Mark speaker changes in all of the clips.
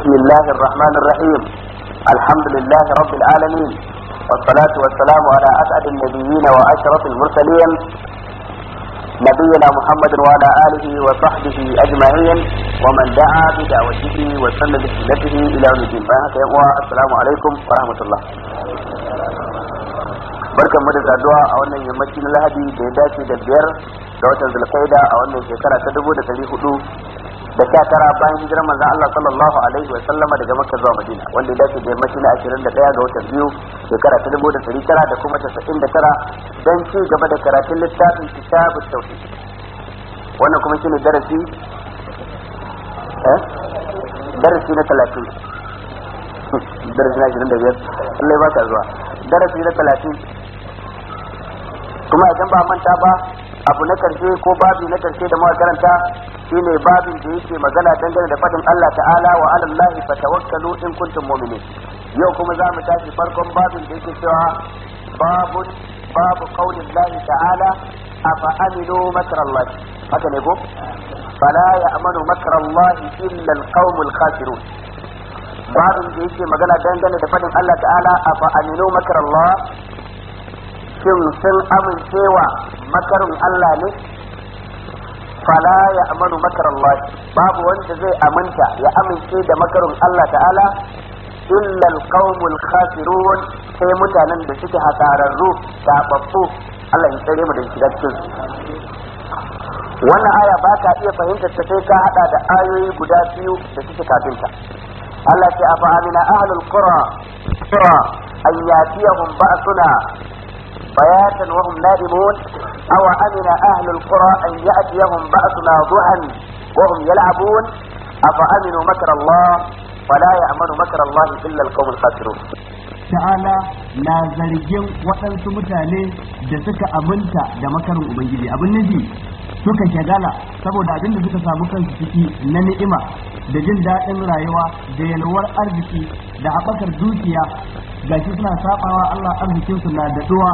Speaker 1: بسم الله الرحمن الرحيم الحمد لله رب العالمين والصلاة والسلام على أسعد النبيين وأشرف المرسلين نبينا محمد وعلى آله وصحبه أجمعين ومن دعا بدعوته وسن بسنته إلى يوم الدين السلام عليكم ورحمة الله barkan mu da saduwa a wannan yammaci na lahadi da ya dace da biyar da watan zulkaida a wannan shekara ta dubu da dari hudu da sha tara bayan hijirar manzon Allah sallallahu alaihi wa sallama daga Makka zuwa Madina wanda ya dace da yammacin 21 ga watan biyu shekara ta dubu da dari tara da kuma tasa'in da tara don ci gaba da karatun littafin kitabut tauhid wannan kuma shine darasi eh? darasi na 30 darasi na 25 Allah ya baka zuwa darasi na 30 kuma idan ba manta ba abu na karshe ko babi na karshe da muka karanta shine babin da yake magana dangane da fadin Allah ta'ala wa ala Allah fatawakkalu in kuntum mu'minin yau kuma za mu tashi farkon babin da yake cewa babu babu qaulin Allah ta'ala afa amilu makra Allah haka ne ko fala ya'manu makra Allah illa al-qaumul khasirun babin da yake magana dangane da fadin Allah ta'ala afa amilu makra Allah shin sun amincewa makarin Allah ne fala ya amanu makarin Allah babu wanda zai aminta ya amince da makarin Allah ta'ala illa alqaumul khasirun sai mutanen da suke hasararru da babbu Allah ya tsare mu da shi cikin wannan aya ba ka iya fahimtar ta sai ka hada da ayoyi guda biyu da suke kafinta Allah ce afa amina ahlul qura qura an ba'suna بياتا وهم نادمون او امن اهل القرى ان يأتيهم بأسنا ضحا وهم يلعبون افأمنوا مكر الله ولا يأمن مكر الله الا القوم الخاسرون تعالى لا زرجين وطن سمتا جسك امنتا دمكر ابنجي ابن نجي suka shagala saboda abin da suka samu kansu ciki na ni'ima da jin daɗin rayuwa da yalwar arziki da haɓakar dukiya gashi suna sabawa Allah arzikin su na daduwa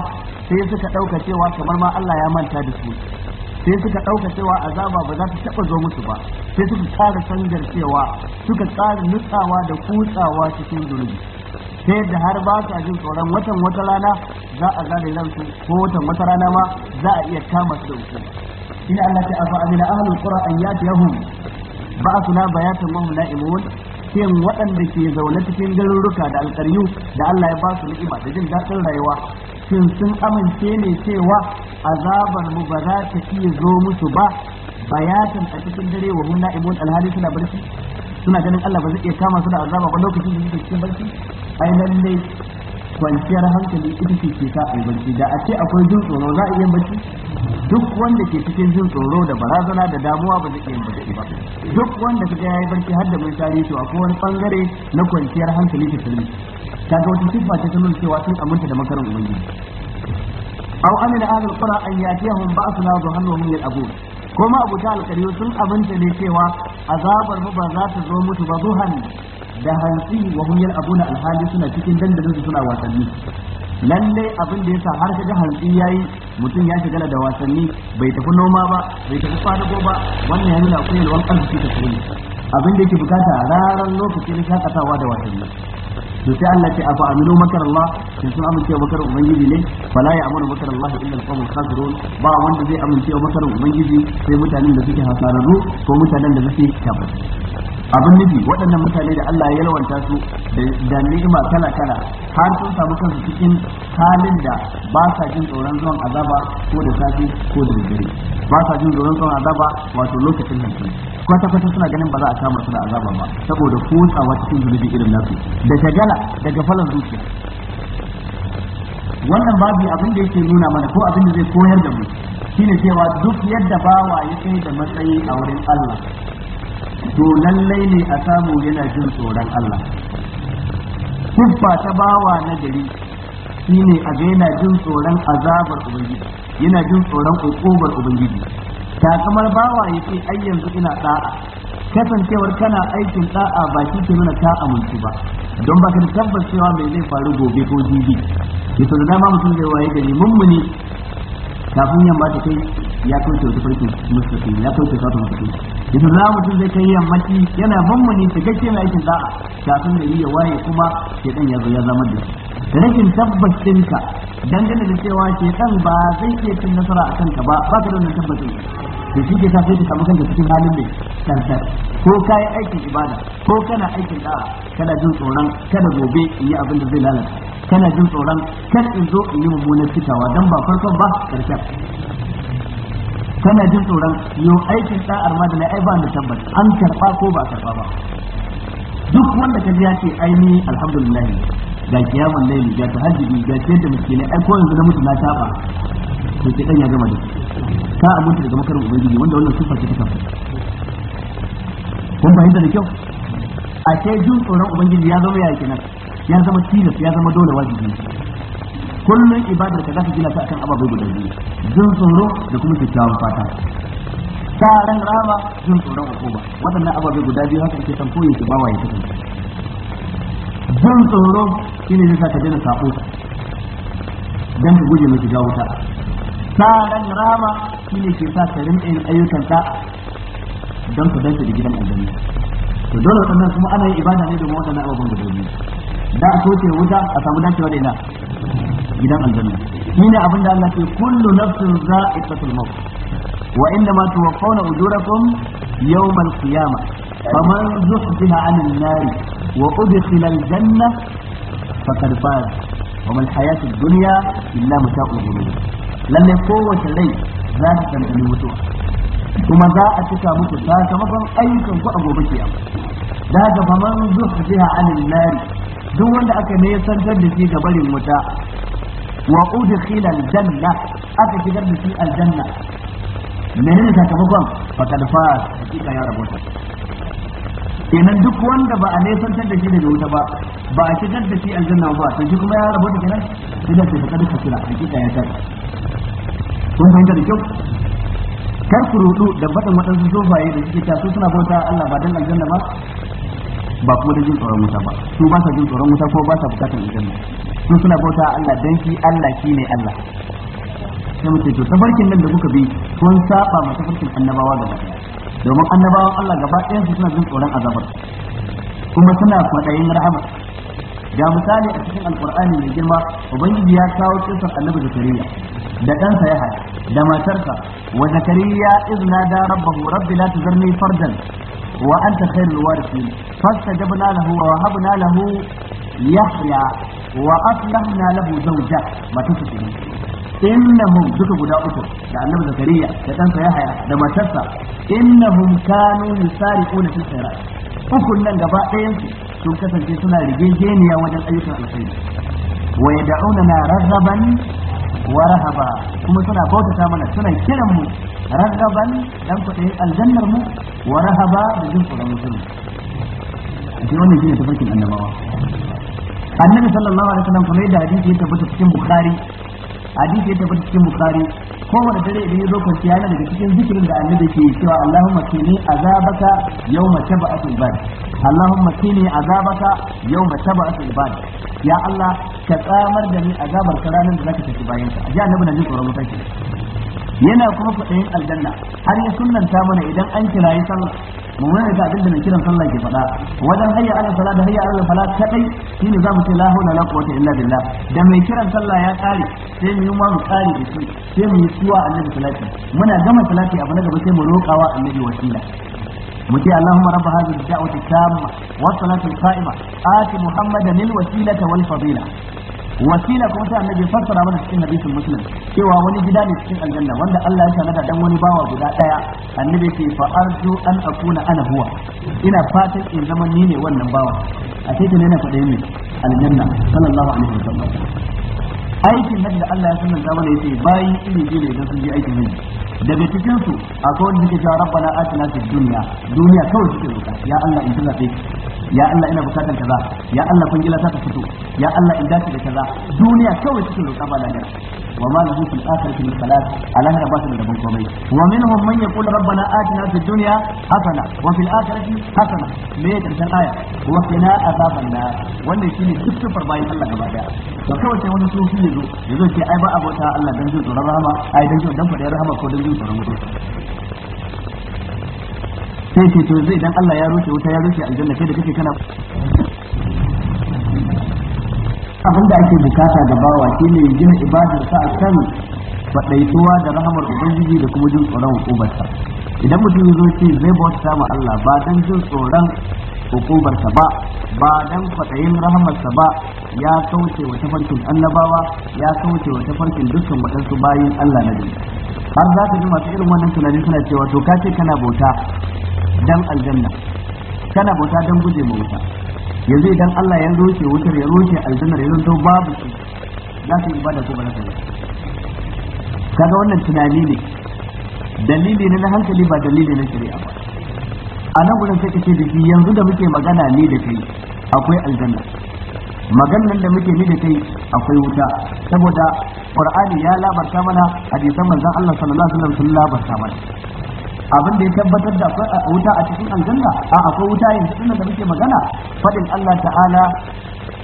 Speaker 1: sai suka dauka cewa kamar ma Allah ya manta da su sai suka ɗauka cewa azaba ba za ta taɓa zo musu ba sai suka tsara sanjar cewa suka tsara nutsawa da kutsawa cikin zulubi Sai da har ba sa jin tsoron watan wata rana za a zare lansu ko watan wata rana ma za a iya kama su da wuce ina Allah ta afa amina ahlul qura an ba'athuna bayatan wa hum na'imun cikin waɗanda ke zaune cikin garuruka da alƙaryu da Allah ya ba su ni'ima da jin daɗin rayuwa shin sun amince ne cewa azabar mu ba za ta iya zo musu ba bayatan a cikin dare wa hunna ibun alhali suna barci suna ganin Allah ba zai iya kama su da azaba ba lokacin da suke cikin barci ai lalle kwanciyar hankali ita ce ke sa a barci da a ce akwai jin tsoro za a iya barci duk wanda ke cikin jin tsoro da barazana da damuwa ba zai iya barci ba duk wanda kaga yi barci har da mai to akwai wani bangare na kwanciyar hankali ta sirri ga wata sifa ta nuna cewa sun aminta da makarin ubangiji aw amina hadha alqura an yatihum ba'suna dhuhan wa al yal'abun kuma ta alqariyu sun aminta ne cewa azabar mu ba za ta zo mutu ba zuhan da hantsi wa hum alhali suna cikin dandalin su suna wasanni lalle abin da ya sa har kaga hantsi yayi mutum ya shigala da wasanni bai tafi noma ba bai tafi kwadago ba wannan ya nuna akwai yalwan arziki ta kare abin da yake bukata a raran lokaci na shakatawa da wasanni to sai Allah ce afa aminu makar Allah sun amince wa makar ubangiji ne fala ya amuru makar Allah illa al-qawmul khasirun ba wanda zai amince makar ubangiji sai mutanen da suke hasararru ko mutanen da suke tabbata abin nufi waɗannan mutane da Allah ya yalwanta su da ni'ima kala kala har sun samu kansu cikin halin da ba sa jin tsoron zuwan azaba ko da safi ko da dare ba sa jin tsoron zuwan azaba wato lokacin hankali kwata kwata suna ganin ba za a kama su da azaba ba saboda kotsawa cikin zunubi irin nasu da shagala daga falon zuciya wannan babu abin da yake nuna mana ko abin da zai koyar da mu shine cewa duk yadda bawa ya kai da matsayi a wurin Allah to lallai ne a samu yana jin tsoron Allah kuffa ta bawa na gari shine a ga yana jin tsoron azabar ubangiji yana jin tsoron ukubar ubangiji Ta kamar bawa ya ce ai yanzu ina da'a kasancewar kana aikin da'a ba shi ke nuna ka amince ba don ba ka da tabbas cewa mai zai faru gobe ko jibi ke sau da dama mutum zai waye gari mummuni kafin yamma ta kai ya kauce wata farkin mustafi ya kauce wata mustafi idan za mutum zai kai yammaci yana mammuni cikakke mai aikin da'a kafin da iya ya waye kuma shedan ya zo ya zama da shi rashin tabbas ka dangane da cewa shedan ba zai iya cin nasara a kanka ba ba ka da wannan tabbacin da shi ke sai ka samu kanka cikin halin mai tantar ko ka aikin ibada ko kana aikin da'a kana jin tsoron kada gobe in yi abin da zai lalata kana jin tsoron kan in zo in yi mummunar fitawa don ba farkon ba karshen kana jin tsoron yau aikin da'ar ma da na ai ba ni tabbat an karba ko ba karba ba duk wanda ka ya ce ai ni alhamdulillah ga kiyamun laili ga tahajjudi ga yadda da ne ai ko yanzu na mutu na taba to sai dan ya gama da ka amince daga makarin ubangiji wanda wannan sifa ce ta kun fahimta da kyau a sai jin tsoron ubangiji ya zama ya kenan ya zama tilas ya zama dole wajibi kullum ibadar ka zaka gina ta akan ababai guda biyu jin tsoro da kuma kyakkyawan fata tsarin rama jin tsoron kuma wadannan ababai guda biyu haka ake san koyi ki bawa ya kasance jin tsoro shine ne sa ka daina sabo dan ka guje miki ga wuta tsarin rama shine ke sa ka rinka yin ayyukan ka dan ku danta da gidan aljanna to dole wadannan kuma ana yin ibada ne da waɗannan ababen guda biyu da a soke wuta a samu dacewa da ina gidan aljanna shine abin da Allah ke kullu nafsin za'iqatul maut wa inna ma tuwaffawna ujurakum yawmal qiyamah faman zuhziha 'anil nar wa udkhila aljanna faqad faz wa mal hayatud dunya illa mata'ul ghurur lalle kowace rai za ta tantani mutuwa kuma za a cika muku sakamakon ayyukan ku a gobe kiyama da ga faman zuhziha 'anil nar duk wanda aka ne santar da shi ga barin wuta wa udkhila aljanna aka shigar da shi aljanna menene sakamakon faqad faz hakika ya ta, kenan duk wanda ba a ne nesantar da shi daga wuta ba ba a shigar da shi aljanna ba to shi kuma ya ta kenan sai da faqad fasila hakika ya tar, kun fahimta da kyau kar ku rudu da madan waɗansu yayin da suke ta suna bauta Allah ba dan aljanna ba ba kuma da jin tsoron wuta ba su ba sa jin tsoron wuta ko ba sa bukatar aljanna su suna bauta Allah dan shi Allah shi ne Allah sai mu ce to nan da kuka bi kun saba ma tafarkin annabawa gaba domin annabawan Allah gaba ɗayan su suna jin tsoron azabar kuma suna kwaɗayin rahama ga misali a cikin alkur'ani mai girma ubangiji ya kawo kisan annabi zakariya da ɗansa yahaya da matarsa wa zakariya izna da rabbahu rabbi la tuzarni fardan وأنت خير الوارثين فاستجبنا له ووهبنا له يحيى وأصلحنا له زوجة ما تسكن إنهم ذكر قد أكل لأنه زكريا لتنسى يحيى لما تسى إنهم كانوا يسارقون في الخيرات ukun nan gaba ɗayansu sun kasance suna rigegeniya wajen ayyukan alkhairi wa yad'una na razaban wa kuma suna bautata mana suna kiran mu ragaban dan kwaɗayin aljannar mu wa rahaba da jin tsoron mutum shi wannan shi ne tafarkin annabawa annabi sallallahu alaihi wasallam kamar yadda hadisi ya tabbata cikin bukhari hadisi ya tabbata cikin bukhari kowane dare idan ya zo kwanciya yana daga cikin zikirin da annabi ke cewa Allahumma kini azabaka yawma tab'atul bad Allahumma kini azabaka yawma tab'atul bad ya Allah ka tsamar da ni azabar ka ranar da zaka tafi bayan ka ji annabi na jin tsoron mutunci yana kuma faɗin aljanna har ya sunnanta mana idan an kira yi sallah mu mai ga abin da mai kiran sallah ke faɗa wajen hayya ala sala da hayya ala sala kadai shine zamu ce la hawla la quwwata illa billah da mai kiran sallah ya kare sai mu yi ma mu kare da shi sai mu yi suwa annabi salati muna gama salati abu na gaba sai mu roƙawa annabi wasila متي اللهم رب هذه الدعوة التامة والصلاة القائمة آت محمدا الوسيلة والفضيلة wasila kuma sai annabi fassara mana cikin hadisin muslim cewa wani gida ne cikin aljanna wanda Allah ya tanada dan wani bawa guda daya annabi ce fa arju an akuna ana huwa ina fatan in zama ni ne wannan bawa a sai ne na fada ne aljanna sallallahu alaihi wasallam aikin nan da Allah ya sanar da mana yace bayi iri biyu ne idan sun je aikin ne. daga cikin su akwai wanda yake cewa rabbana atina fid dunya duniya kawai suke roƙa ya Allah in tuna ya Allah ina bukatan kaza ya Allah kungila ta ta fito ya Allah in dace da kaza duniya kawai suke roƙa ba lahira wa ma lahu fil akhirati min khalaq alahira ba su da rabon komai wa minhum man yaqulu rabbana atina fid dunya hasana wa fil akhirati hasana me ya karshen aya wa qina azaban nar wannan shine duk sifar bayan Allah gaba daya to kawai sai wani sufi yazo yazo ce ai ba abota Allah dan jin tsoron rahama ai dan jin dan fadar rahama ko dan jin tsoron mutuwa sai ce to zai dan Allah ya rushe wuta ya rushe aljanna kai da kake kana abin da ake bukata ga bawa shine ya gina sa a kan faɗaituwa da rahamar ubangiji da kuma jin tsoron ubansa idan mutum ya zo ce zai bauta ma Allah ba dan jin tsoron hukubarsa ba ba dan kwaɗayin rahamarsa ba ya kauce wa tafarkin annabawa ya kauce wa tafarkin dukkan waɗansu bayin Allah na duniya har za ka ji masu irin wannan tunani suna cewa to kace kana bauta dan aljanna kana bauta dan guje ma wuta yanzu idan Allah ya roke wutar ya roke aljanna ya zanto babu shi za su yi ibada ko ba za su yi kaga wannan tunani ne dalili ne na hankali ba dalili na shari'a ba a nan gurin sai kace da shi yanzu da muke magana ne da kai akwai aljanna maganan da muke ni da kai akwai wuta saboda qur'ani ya labarta mana hadisan manzon Allah sallallahu alaihi wasallam sun labarta mana abin da ya tabbatar da akwai wuta a cikin aljanna a akwai wuta yanzu tunda da muke magana fadin Allah ta'ala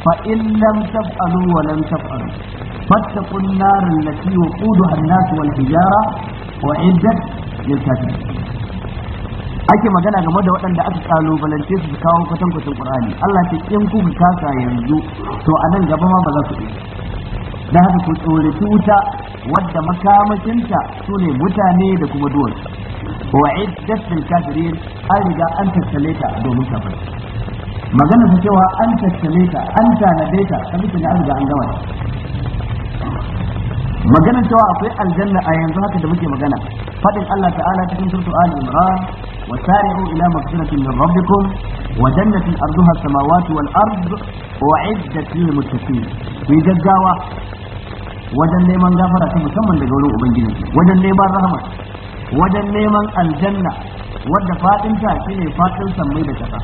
Speaker 1: fa in lam taf'alu wa lam taf'alu fattaqun nar allati waquduha an-nas wal hijara wa iddat lil ake magana game da waɗanda aka kalubalance su kawo kwatankwacin qur'ani Allah ce in kuka kasa yanzu to a nan gaba ma ba za su yi da haka ku tsorati wuta wadda makamacinta su ne mutane da kuma duwatsu wa iddat lil kafirin an riga an tattale ta domin kafir magana ta cewa an tattale ta an tanade ta ta bisa an riga an gama magana cewa akwai aljanna a yanzu haka da muke magana Faɗin Allah ta'ala cikin suratul ali imran وسارعوا إلى مغفرة من ربكم وجنة أرضها السماوات والأرض وعدت للمتقين في جدّاوة wajen neman gafara ta musamman daga wurin ubangiji wajen neman rahama wajen neman aljanna wadda faɗinta shine fadin sammai da kasa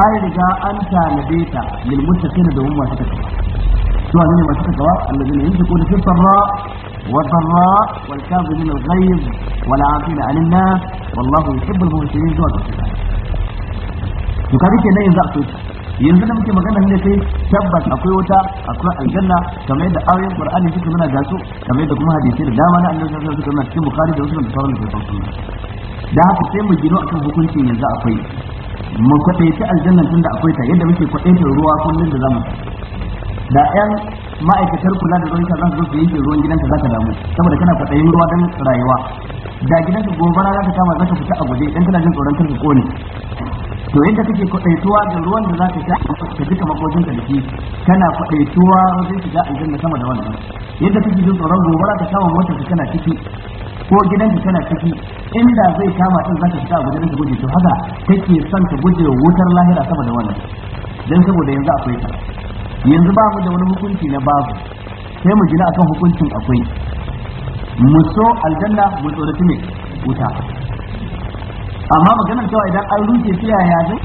Speaker 1: an riga an tanade ta lil muttaqina da masu takawa to ne masu takawa allazina yunfiquna fi sarra والضراء والكاظم الغيظ والعافين عن الناس والله يحب المؤمنين دون الصفات يكاريك لا يزعق يلزم مكي مغنى هنا سي تبت أقويوتا أقوى الجنة كما يدى آية القرآن يشكر منها جاسو كما يدى كما هذه سيرة دامنا أن يزعق في كما تكون بخاري جوزنا بصورة في صوت الله دعا تسيم الجنوع كم بكون شيء يزعق فيه مكتيت الجنة تندى أقويتا يدى مكي قطيت الرواق من الزمن da yan ma'aikatar kula da ruwanka za su zo su yanke ruwan gidanka za ka damu saboda kana kwaɗayin ruwa don rayuwa da gidanka gobara za ka kama za ka fita a guje idan kana jin tsoron kar ka kone to yadda kake kwaɗaituwa da ruwan da za ka sha ka duka makocinka da shi kana kwaɗaituwa zai shiga aljanna sama da wannan yadda kake jin tsoron gobara ka kama motar kana ciki ko gidanta kana ciki inda zai kama din zaka fita guje ka guje to haka take son ka guje wutar lahira sama da wannan dan saboda yanzu akwai ta yanzu ba mu da wani hukunci na babu sai mu gina akan hukuncin akwai mu so aljanna mu tsorati ne wuta amma maganar cewa idan an rufe su yaya zai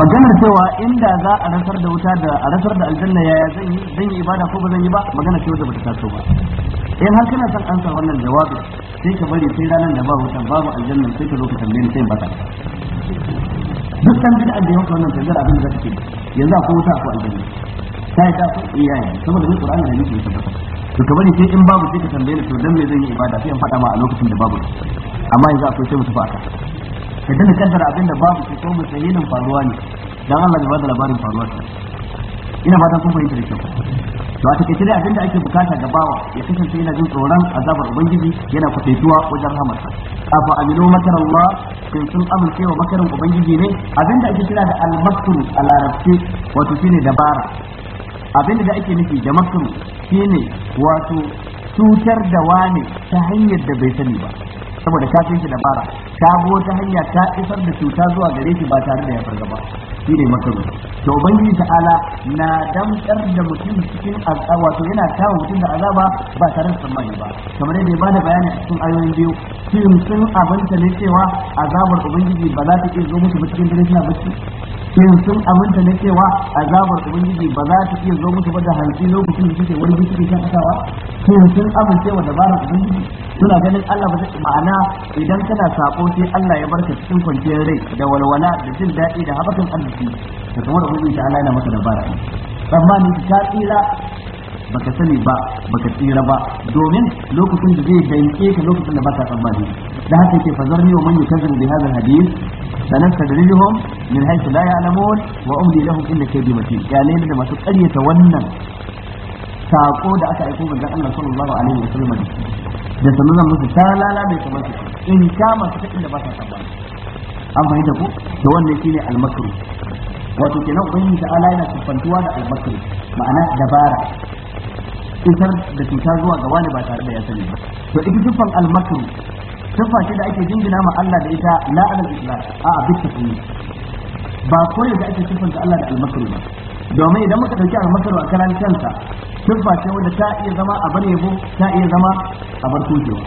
Speaker 1: maganar cewa inda za a rasar da wuta da a rasar da aljanna yaya zan yi zan yi ibada ko ba zan yi ba magana ce ba bata taso ba in har kana son ansa wannan jawabi sai ka bari sai ranar da ba wutan babu aljanna sai ka zo ka tambaye ni sai in ta duk dan bid'a da yake wannan tangar abin da take yanzu akwai wuta akwai aljanna sai ta ku iyaye saboda ni qur'ani da nake tabbata to ka bari sai in babu sai ka tambaye ni to dan me zan yi ibada sai in ma a lokacin da babu amma yanzu akwai sai mu tafi aka ka dana kaddara abin da babu sai ko musayinin faruwa ne dan Allah ya bada labarin faruwa ta ina fata kun fahimta da kyau to a take dai abinda ake bukata ga bawa ya kasance yana jin tsoron azabar ubangiji yana kwatetuwa wajen hamarsa afa aminu makar Allah kin sun amince wa makarin ubangiji ne abinda ake kira da al a larabce wato shine dabara abinda da ake nufi da makru shine wato cutar da wani ta hanyar da bai sani ba saboda ka shi dabara ta bo ta hanya ta isar da cuta zuwa gare shi ba tare da ya fargaba shi ne masaru to ubangiji ta'ala na damkar da mutum cikin azaba to yana tawo mutum da azaba ba tare da tsammani ba kamar yadda ya bada bayani a cikin ayoyin biyu shin sun abinta ne cewa azabar ubangiji ba za ta iya zo musu ba cikin dare suna bacci shin sun aminta na cewa azabar ubangiji ba za ta iya zo musu ba da hantsi lokacin da suke wani suke shakatawa kasawa sun amince wa dabarar ubangiji suna ganin Allah ba zai ma'ana idan kana sako sai Allah ya barka cikin kwanciyar rai da walwala da jin daɗi da haɓakan arziki da da ubangiji ta Allah yana masa dabara tsammanin ta tsira baka sani ba baka tsira ba domin lokacin da zai danke ka lokacin da baka tsammani da haka yake fazarni wa man yukazzibu bi hadha alhadith sanastadrijuhum min haythu la ya'lamun wa umli lahum inna kaydi matin ya ne da masu ƙaryata wannan sako da aka aiko manzon Allah sallallahu alaihi wasallam da sanin musu talala mai kamar su in masu su inda ba sa tsammani an fahimta ko to wannan shine almakru wato kenan ubangiji ala yana kufantuwa da almakru ma'ana dabara cutar da cuta zuwa gaba ne ba tare da ya sani ba to ita dukkan almakru makru ce da ake jingina ma Allah da ita la ala islam a a bisa ba koyo da ake siffanta Allah da almakru ba domin idan muka dauki almakru a karan kansa tufface ce wanda ta iya zama a bar yabo ta iya zama a bar kujewa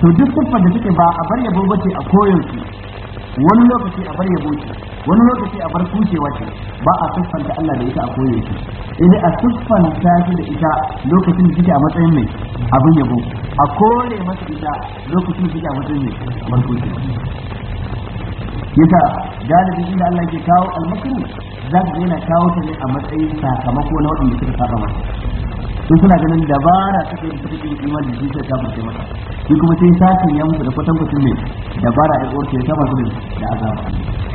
Speaker 1: to duk siffar da take ba a bar yabo ce a koyon wani lokaci a bar yabo ce wani lokaci a farko ce ce ba a siffanta Allah da ita a koyo shi idan a siffanta shi da ita lokacin da kike a matsayin mai abin yabo a kore masa ita lokacin da kike a matsayin mai ce yasa galibin inda Allah ke kawo almakru za ka yana kawo ta ne a matsayin sakamako na waɗanda suka saba masa sai suna ganin dabara suka yi suka yi imani da shi sai kafin sai mata shi kuma sai sakin ya musu da kwatan kwatan ne dabara ya tsorce ya kama su da azaba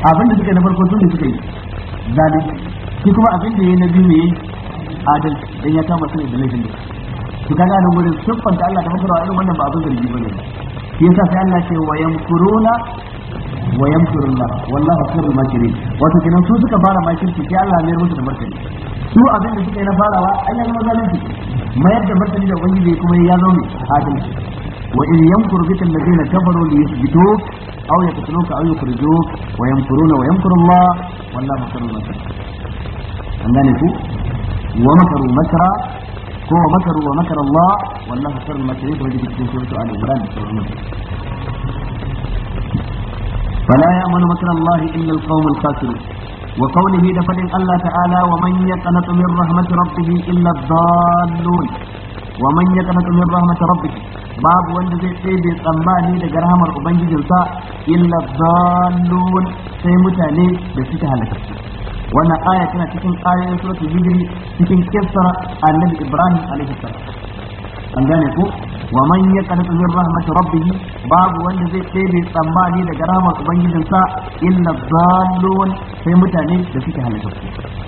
Speaker 1: abinda suka yi na farko sun ne suka yi Zane shi kuma abinda ya yi na biyu ne adalci dan ya kama su ne da laifin da su kaga nan sun siffanta Allah da makarwa irin wannan ba abin zargi ne shi yasa sai Allah ce wa yamkuruna wa yamkurullah wallahu khairul makirin wato kenan su suka fara makirci sai Allah ya mayar musu da martani su abin da suka yi na farawa an yi zama zalunci mayar da martani da ubangiji kuma ya zama adalci wa in yamkuru bika allazina kafaru li yuthbituka aw yaqtuluka aw yukhrijuka wa yamkuruna wa yamkuru Allah wallahu khairul makirin an gane ku wa makaru makra ko wa makaru wa makara Allah wallahu khairul makirin ko da cikin suratul ali imran da sauran فلا يأمن مكر الله إلا القوم الخاسرون وقوله دفن الله تعالى ومن يقنط من رحمة ربه إلا الضالون ومن يقنط من رحمة ربه باب وند زي تسيب تسماني دقى رحمة أبنجي جلسا إلا الضالون سيمتاني بسيكها لك وانا آية كانت تكون آية سورة الهجري تكون كسر النبي إبراهيم عليه السلام an gane ku wa man yaqnatu min rahmati rabbih babu wanda zai tsebe tsammani daga rahmar ubangijinsa illa dallun sai mutane da suke halaka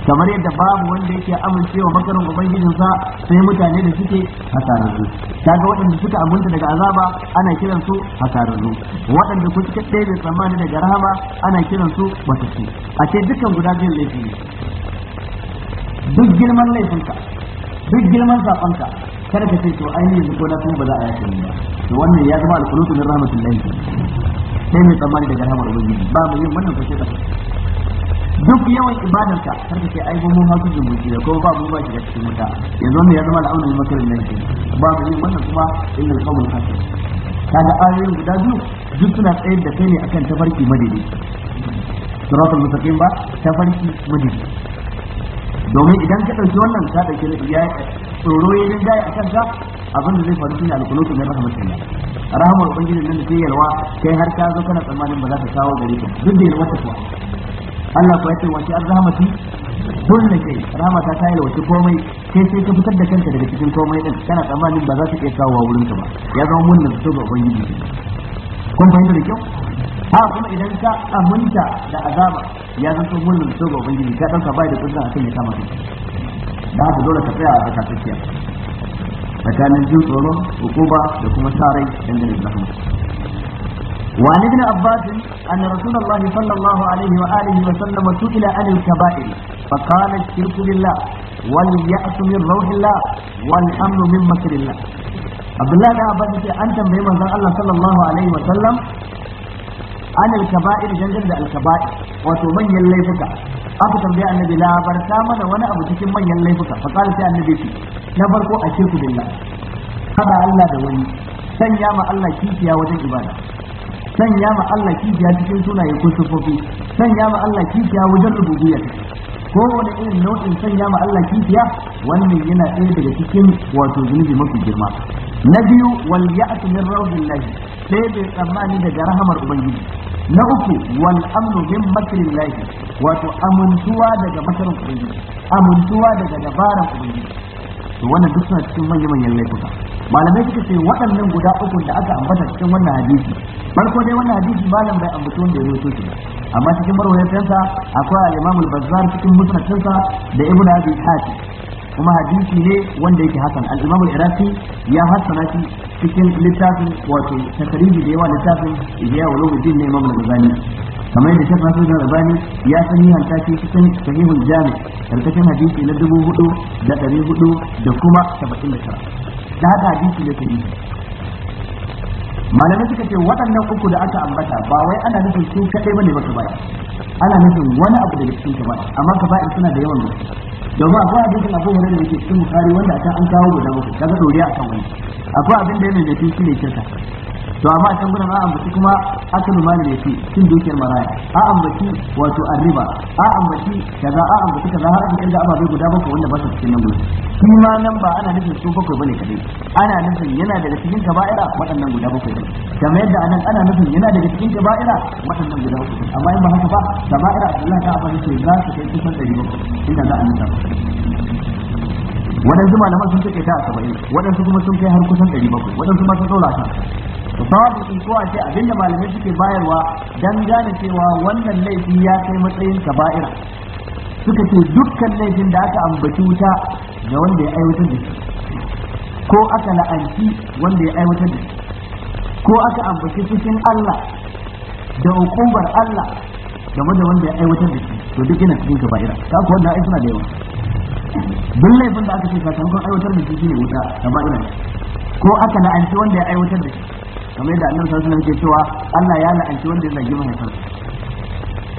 Speaker 1: kamar yadda babu wanda yake amincewa makarin sa sai mutane da suke hasararru kaga waɗanda suka aminta daga azaba ana kiran su hasararru waɗanda ku suka tsammani daga Rahma ana kiran su batattu a ce dukkan guda biyun laifi ne duk girman laifinka duk girman safanka kada ka ce to ainihin ko na tun ba za a yafe ni ba to wannan ya zama alkulutu min rahmatullahi sai mai tsammani daga rahmar ubangiji ba mu yin wannan fashe kafa duk yawan ibadarka har ka ce ai mun hasu jin mulki da ko ba mu ba shi da cikin wuta yanzu wannan ya zama al'aunin makarin nan ke ba mu yin wannan kuma inna al-qawm al-hasib kaga ayoyin guda biyu duk suna tsayar da kai ne akan tafarki madadi siratul mustaqim ba tafarki madadi domin idan ka ɗauki wannan ka ɗauki ya tsoro ya rinja a kanka abin da zai faru shine alkunutu min Rahama da ubangiji nan da ke yalwa kai har ka zo kana tsammanin ba za ka kawo gari ka duk da yalwa ta kuwa Allah ko yace wace an rahmati kullu kai rahama ta tayar wace komai kai sai ka fitar da kanka daga cikin komai din kana tsammanin ba za ta iya kawo wurin ka ba ya zama wannan fito ga ubangiji kun fahimta da kyau ha kuma idan ka aminta da azaba ya zanto mulkin so ga ubangiji ka dauka bai da kudin akan ya kama kai da haka dole ka tsaya a tsakatsakiya tsakanin jin tsoro hukuma da kuma sarai dangane da rahama وعن ابن عباس أن رسول الله صلى الله عليه وآله وسلم سئل عن الكبائر فقال الشرك بالله واليأس من روح الله والأمن من مكر الله عبد الله بن عباس أنت بما الله صلى الله عليه وسلم an al-kaba'ir dangane da al'kaba'i wato manyan laifuka aka tambaya annabi labarta mana wani abu cikin manyan laifuka fa qala sai annabi ce na farko a shirku billah kada Allah da wani sanya ma Allah kiciya wajen ibada sanya ma Allah kiciya cikin sunaye ko sufofi sanya ma Allah kiciya wajen Ko wani irin nau'in sanya ma Allah kiciya, wannan yana ɗaya daga cikin wato zunubi mafi girma na biyu wal ya'tu min rawdillahi sai bai tsammani daga rahamar ubangiji na uku wal amnu min makrin lahi wato amuntuwa daga makarin ubangiji amuntuwa daga dabaran ubangiji to wannan duk suna cikin manyan manyan laifuka malamai suka ce waɗannan guda uku da aka ambata cikin wannan hadisi farko dai wannan hadisi malam bai ambata wanda ya rawaito shi amma cikin marwayatansa akwai al-Imam al-Bazzar cikin musnadinsa da Ibn Abi Hatim kuma hadisi ne wanda yake hasan al-imam al-iraqi ya hasana shi cikin littafin wato takariri da yawa littafin ihya wa lubuddin ne imam al-ghazali kamar yadda Sheikh nasir al-albani ya sani hanta shi cikin sahihul jami karkashin hadisi na dubu da dari kuma saba'in da tara haka hadisi ne sahihi malamai suka ce waɗannan uku da aka ambata ba wai ana nufin su kaɗai bane ba ana nufin wani abu da cikin ka ba amma ka suna da yawan gaske domin akwai abin da abubuwan da yake cikin bukari wanda a an kawo guda bakwai kaga a kan wani akwai abin da ya mai zafi shi ne shirka to amma can gudan ambaci kuma aka nuna ne yake cin dukiyar maraya a ambaci wato arriba a ambaci kaza a ambaci kaza har aka da ababe guda bakwai wanda ba su cikin nan gudan shi ma nan ba ana nufin su bakwai bane kadai ana nufin yana daga cikin kaba'ira waɗannan guda bakwai ne kamar yadda anan ana nufin yana daga cikin kaba'ira waɗannan guda bakwai amma in ba haka ba kaba'ira Allah ta abin ce za su kai kusan ɗari bakwai inda za a nuna waɗansu malaman sun take ta a saba'in waɗansu kuma sun kai har kusan ɗari bakwai waɗansu ma sun ɗaura ta babu tsintuwa ce abinda malamai suke bayarwa dan gane cewa wannan laifi ya kai matsayin kaba'ira suka ce dukkan laifin da aka ambaci wuta ga wanda ya aiwatar da shi ko aka la'anci wanda ya aiwatar da shi ko aka ambaci cikin Allah da
Speaker 2: hukumar Allah
Speaker 1: game da wanda ya aiwatar da shi to duk yana cikin kaba'ira ta ku wannan ai suna da yawa duk laifin da aka ce sakamakon aiwatar da shi shine wuta kaba'ira ko aka la'anci wanda ya aiwatar da shi kamar yadda annabi sallallahu alaihi wasallam ke cewa Allah ya la'anci wanda ya zagi mahaifarsa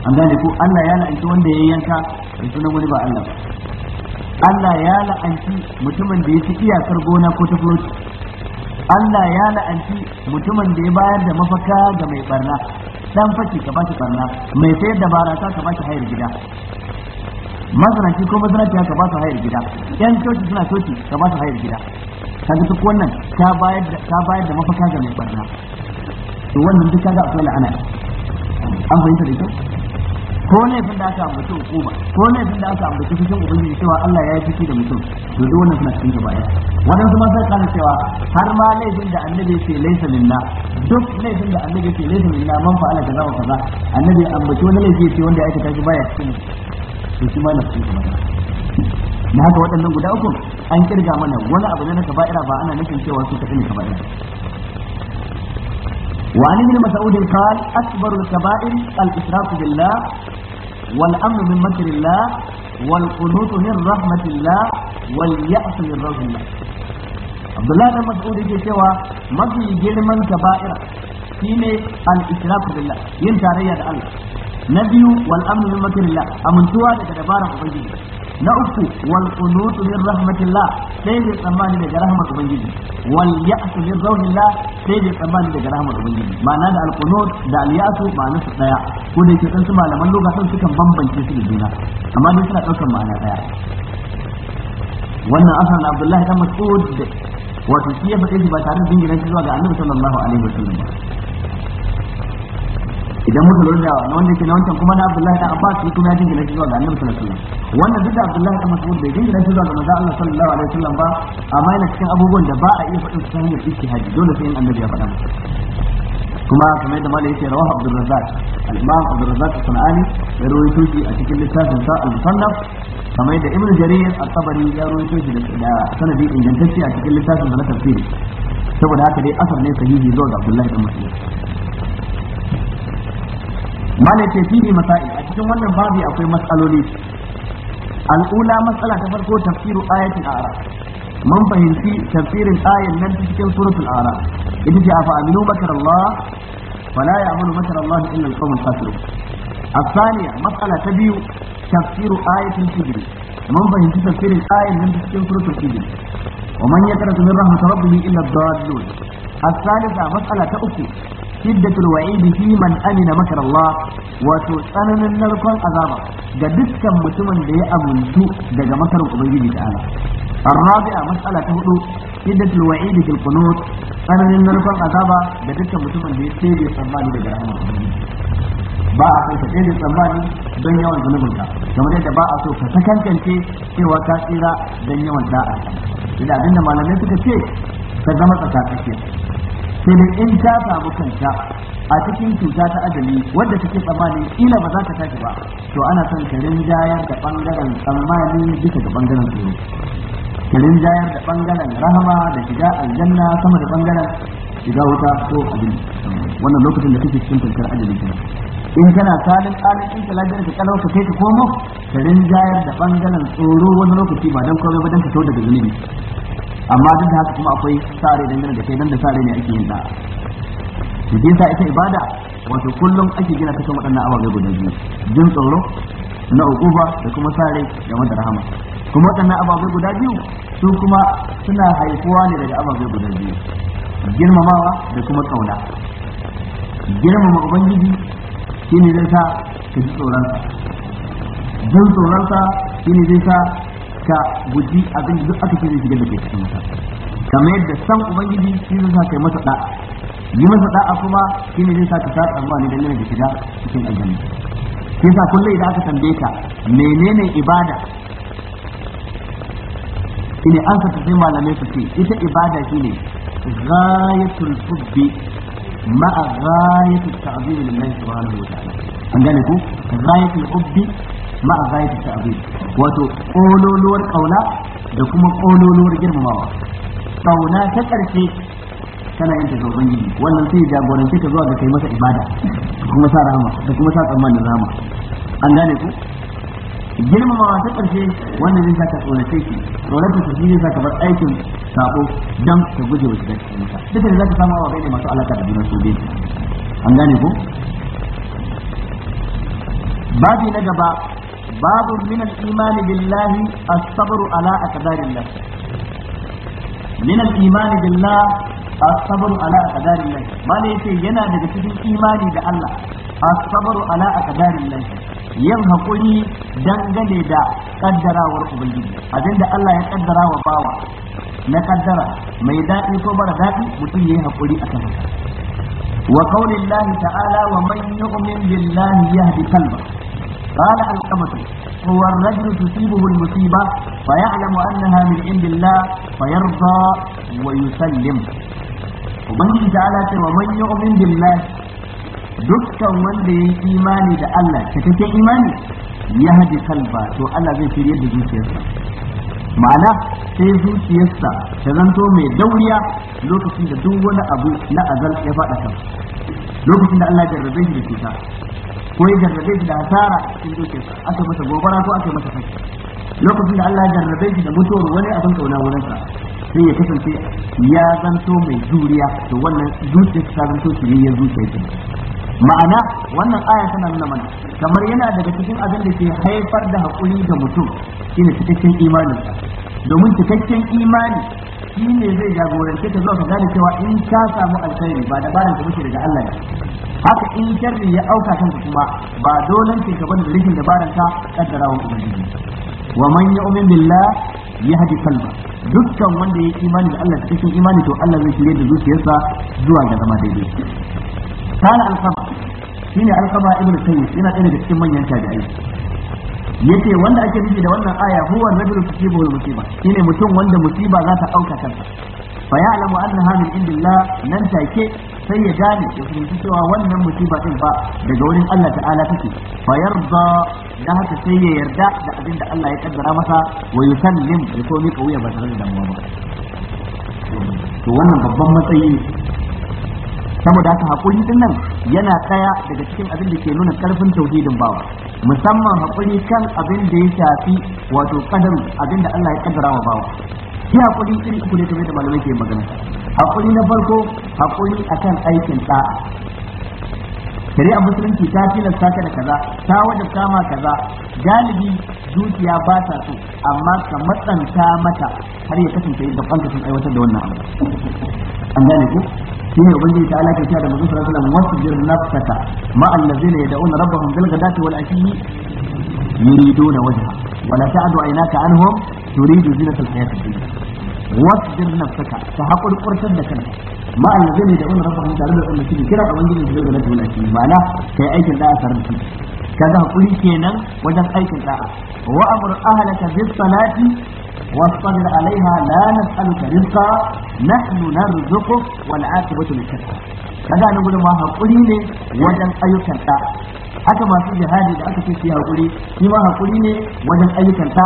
Speaker 1: an gane ko Allah ya la'anci wanda ya yanka da sunan wani ba Allah ba Allah ya la'anci mutumin da ya ci iyakar gona ko ta fuloti Allah ya la'anci mutumin da ya bayar da mafaka ga mai barna dan fashi ka bashi barna mai sayar da barasa ka bashi hayar gida mazanaci ko mazanaci ka ba su hayar gida yan coci suna coci ka ba su hayar gida kaga duk wannan ta bayar da ta bayar da mafaka ga mai barna to wannan duk kaga akwai la'ana an fahimta da kyau ko ne fa da aka ambaci hukuma ko ne fa da aka ambaci fushin ubangiji cewa Allah ya yi fushi da mutum to duk wannan suna cikin gaba wannan kuma sai kana cewa har ma laifin da annabi ce laisa minna duk laifin da annabi ce laisa minna man ala kaza kaza annabi ambaci wani laifi ya ce wanda ya aikata shi baya cikin to shi ma na cikin gaba na haka waɗannan guda uku an kirga mana wani abu ne na kaba'ira ba ana nufin cewa su kaɗai ne kaba'ira وعن ابن مسعود قال أكبر الكبائر al بالله والأمن من مكر الله والقنوط من رحمة الله واليأس من روح الله عبد الله بن مسعود shine al-ishrak billah yin tarayya da Allah na biyu wal amnu min makrillah amintuwa daga dabaran ubangiji na uku wal qunutu min rahmatillah sai da tsammani daga rahmat ubangiji wal ya'su min rawhillah sai da tsammani daga rahmat ubangiji ma'ana da al qunut da al ya'su ma'ana su daya ko da yake kan su malaman lokacin sukan bambance su da juna amma dai suna daukar ma'ana daya wannan asan abdullahi dan mas'ud wato shi ya faɗe shi ba tare da dingina shi zuwa ga annabi sallallahu alaihi wasallam ba idan muka lura da na wanda yake na wancan kuma na Abdullahi da Abbas shi kuma ya jingina shi zuwa ga Annabi sallallahu alaihi wasallam wanda duk da Abdullahi da Mas'ud bai jingina shi zuwa ga manzo Allah sallallahu alaihi wasallam ba amma yana cikin abubuwan da ba a iya faɗin su hanyar ijtihadi dole sai in Annabi ya faɗa musu kuma kamar yadda malai yake rawahu Abdul Razzaq al-Imam Abdul Razzaq Sanani ya rawaito shi a cikin littafin sa al-Musannaf kamar yadda Ibn Jarir at-Tabari ya rawaito shi da sanadi ingantacce a cikin littafin sa na tafsiri saboda haka dai asar ne sahihi zuwa ga Abdullahi da Mas'ud mana ce a cikin wannan babi akwai matsaloli al'ula matsala ta farko tafsiru ayatul a'raf mun fahimci tafsirin ayin nan cikin suratul a'raf idan ce afa aminu makar Allah fala ya'manu makar Allah illa al-qawmul kafirun الثانية مسألة تبيو تفسير آية الفجر من فهم تفسير الآية من تفسير سورة الفجر ومن يكره من رحمة ربه إلا الضالون الثالثة ta uku. shiddatul wa'idi fi man amina makar Allah wato tsananin narkon azaba ga dukkan mutumin da ya amintu daga makarin ubangiji ta'ala الرابعة مسألة هدو شدة الوعيد في القنوت أنا من نرفع عذابا بدك مسلم اللي يستيجي صماني بجرامة ba a so ka tsammani don yawan zunubinka kamar da ba a so ka sakankance cewa ka tsira don yawan da'a idan abinda malamai suka ce ka zama tsakatsakiya sai dai in ta samu kanta a cikin cuta ta ajali wadda take tsammani ila ba za ta tashi ba to ana son ta rinjayar da bangaren tsammani bisa ga bangaren tsoro ta rinjayar da bangaren rahama da shiga aljanna sama da bangaren shiga wuta ko abin wannan lokacin da kake cikin tankar ajali kenan in kana salin tsarin in ka lafiyar ka kalau ka kai ka komo ta rinjayar da bangaren tsoro wani lokaci ba dan komai ba dan ka to daga zunubi amma duk da haka kuma akwai sare dangane da kai dan da sare ne ake yin da sa ita ibada wato kullum ake gina ta kan waɗannan ababe guda biyu jin tsoro na uquba da kuma sare da wanda rahama kuma waɗannan ababe guda biyu su kuma suna haifuwa ne daga ababe guda biyu girmamawa da kuma kauna girmama ubangiji shine zai sa ka ji jin tsoronsa shine zai sa ka guji abin da duk aka ce zai shigar da kai cikin kamar yadda san ubangiji shi zai sa kai masa da yi masa da'a kuma shi ne zai sa ka sa tsammani dangane da shiga cikin aljanna shi yasa kullai idan aka tambaye ka menene ibada shine an saka sai malamai su ce ita ibada shine ghayatul hubbi ma'a ghayatul ta'zim lillahi subhanahu wa ta'ala an gane ku ghayatul hubbi ma a gaya ta abin wato ƙololuwar ƙauna da kuma ƙololuwar girmamawa ƙauna ta ƙarshe tana yin daga ubangiji wannan sai jagoranci ka zuwa ga kai masa ibada da kuma sa rama da kuma sa tsammanin rama an gane ku girmamawa ta ƙarshe wannan zai saka tsorace ki tsorace ki zai saka bar aikin sabo dan ka guje wa shiga cikin masa duka da zaka samu wa bai ne masu alaka da juna su biyu an gane ku babi na gaba babu min al-iman billahi as-sabru ala aqdarillah min al-iman billah as-sabru ala aqdarillah mala yace yana daga cikin imani da Allah as-sabru ala dangane da kaddarawar ubangiji da Allah ya ƙaddara wa bawa na kaddara mai daɗi ko bara daɗi mutum yayi hakuri a haka wa kaunin ta'ala wa man yu'min billahi yahdi kalma. قال علقمة هو الرجل تصيبه المصيبة فيعلم أنها من عند الله فيرضى ويسلم ومن تعالى ومن يؤمن بالله dukkan wanda ya yi imani da Allah cikakken imani ya haji kalba to Allah zai shirya da zuciyarsa ma'ana sai zuciyarsa ta zanto mai dauriya lokacin da abu na azal ya faɗa kan da Allah ya jarrabe shi ko ya jarrabe shi da asara cikin dukiyarsa aka masa gobara ko aka masa fashi lokacin da Allah ya jarrabe shi da mutuwar wani abin kauna wurinsa sai ya kasance ya zanto mai juriya to wannan zuciyar ta zanto ya zuciya ce ma'ana wannan aya tana nuna mana kamar yana daga cikin abin da ke haifar da hakuri da mutum shine cikakken imani domin cikakken imani shi ne zai jagorance ta zuwa ka gane cewa in ka samu alkhairi ba da dabaran ka muke daga Allah ne haka in sharri ya auka kanka kuma ba dole ne ka bada rikin dabaran ka kaddara wa ubangiji wa man yu'min billah yahdi qalba dukkan wanda ya imani da Allah cikin imani to Allah zai shirye da zuciyarsa zuwa ga zama daidai kana alqaba shine alqaba ibnu sayyid yana ɗaya daga cikin manyan tabi'ai yace wanda ake nufi da wannan aya huwa rajulun tusibuhu al-musiba shine mutum wanda musiba za ta auka kansa fa ya'lamu annaha min indillah nan take sai ya gane ya fahimci cewa wannan musiba din ba daga wurin Allah ta'ala take fa yarda da haka sai ya yarda da abin da Allah ya kaddara masa wa yusallim ya so mika wuya ba tare da damuwa ba
Speaker 2: to wannan babban matsayi
Speaker 1: saboda haka hakuri din nan yana tsaya daga cikin abin da ke nuna karfin tauhidin bawa musamman hakuri kan abin da ya shafi wato kadar abin da Allah ya kaddara wa bawa shi hakuri iri uku ne kamar da malamai ke magana hakuri na farko hakuri kan aikin da'a shari'a musulunci ta tilasta ka da kaza ta wajen kama kaza galibi zuciya ba ta so amma ka matsanta mata har ya kasance da kanka sun aiwatar da wannan abu an gane ku shi ne ubangiji ta alaƙa ta da manzon sallallahu da wasallam wasbir nafsaka ma allazina yad'una yi bil ghadati wal ashi yuriduna wajha wala ina ka anhum turidu zinatul hayati dunya wasbir nafsaka ta hakuri kurtar da kanka ma allazina yad'una rabbahum tare da wannan cikin kira ubangiji da na gane shi ma'ana kai aikin da asar da shi kaga hakuri kenan wajen aikin da'a wa amur ahlaka bis salati واصطبر عليها لا نسألك رزقا نحن نرزقك والعاقبة للتقوى kaga ni gudun ma hakuri ne wajen ayyukan ta haka masu jihadi da aka ce su hakuri shi ma hakuri ne wajen ayyukan ta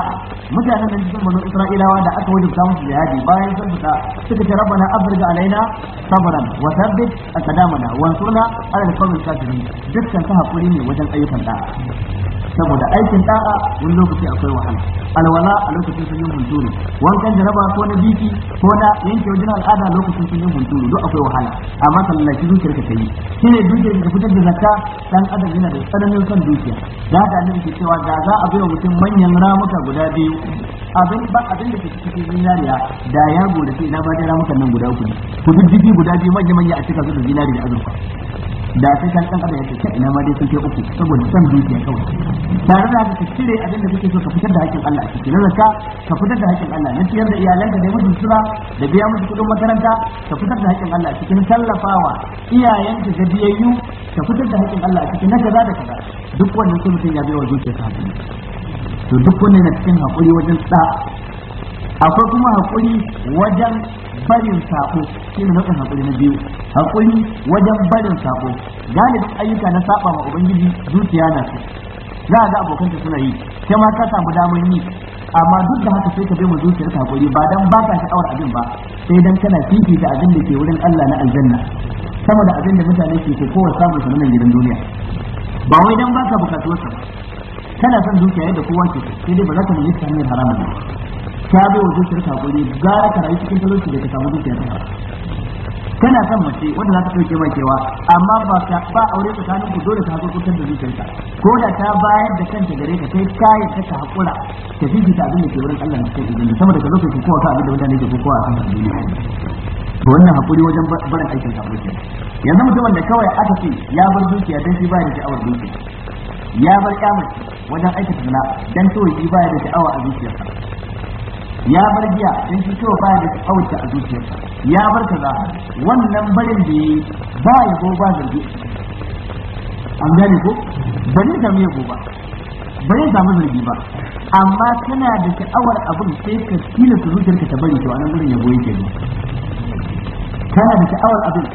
Speaker 1: mutanen da cikin manzon Isra'ilawa da aka wajibta musu jihadi bayan sun fita suka ce rabbana afrij alaina sabran wa thabbit aqdamana wa ansurna ala alqawmil kafirin dukkan ta hakuri ne wajen ayyukan ta saboda aikin da'a wani lokaci akwai wahala alwala a lokacin yi hunturu wankan jaraba ko na biki ko na yanke wajen al'ada lokacin yi hunturu duk akwai wahala amma sallaci zuciyarka ta yi shi ne dukiyar ka fitar da zakka dan adam yana da tsananin son dukiya da haka annabi ke cewa da za a wa mutum manyan ramuka guda biyu abin ba abin da ke cikin zinariya da ya gode sai na ba da ramukan nan guda uku ku duddubi guda biyu manya manya a cika su da zinari da azurfa da sai kan dan adam ya ce ina ma dai sun kai uku saboda son dukiya kawai tare da haka ka cire abin da kake so ka fitar da haƙƙin Allah a ciki na ka fitar da haƙƙin Allah na ciyar da iyalanka da musu sura da biya musu kuɗin makaranta ka fitar da haƙƙin Allah a cikin tallafawa iyayenka da biyayyu ka fitar da haƙƙin Allah a cikin na kaza da kaza duk wannan sun mutum ya bai wa zuciyarsa haƙƙi to duk wannan na cikin haƙuri wajen tsa akwai kuma hakuri wajen barin sako ne nau'in haƙuri na biyu haƙuri wajen barin sako galibin ayyuka na saba ma ubangiji zuciya na su za a ga ta suna yi sai ma ka samu damar yi amma duk da haka sai ka bai mu zuciyar ka hakuri ba dan ba ka sha'awar abin ba sai dan kana fifita abin da ke wurin Allah na aljanna sama da abin da mutane ke ko kowa samu sa nan gidan duniya ba wai dan ka bukatuwar ka. kana son zuciya yadda kowa ke sai dai ba za ka yi ta hanyar haramun ba ka bai wa zuciyar ka hakuri gara ka rayu cikin talauci da ka samu zuciyar ta kana son mace wanda za ta ɗauke ma kewa amma ba ka ba aure tsakanin ku dole ka kusan da zuciyarka ko da ta bayar da kanta gare ka kai kayan ka ta ta fi fifita abin da ke wurin Allah da kai idan saboda ka zo ka kowa ka abin da mutane ke kowa a kan duniya wannan hakuri wajen barin aikin hakuri yanzu mutumin da kawai aka ce ya bar dukiya dan shi baya da sha'awar dukiya ya bar kyamar wajen aikata sana'a dan kawai shi baya da sha'awa a zuciyarsa ya bar giya in shi kawai ya da tsawata a zuciyarsa ya bar kaza wannan barin da yi ba ya go ba zargi an gane ko ba ne samu ya ba ba ne samu zargi ba amma kana da sha'awar abin sai ka su zuciyarka ta bari to a nan gurin yabo yake ne kana da sha'awar abin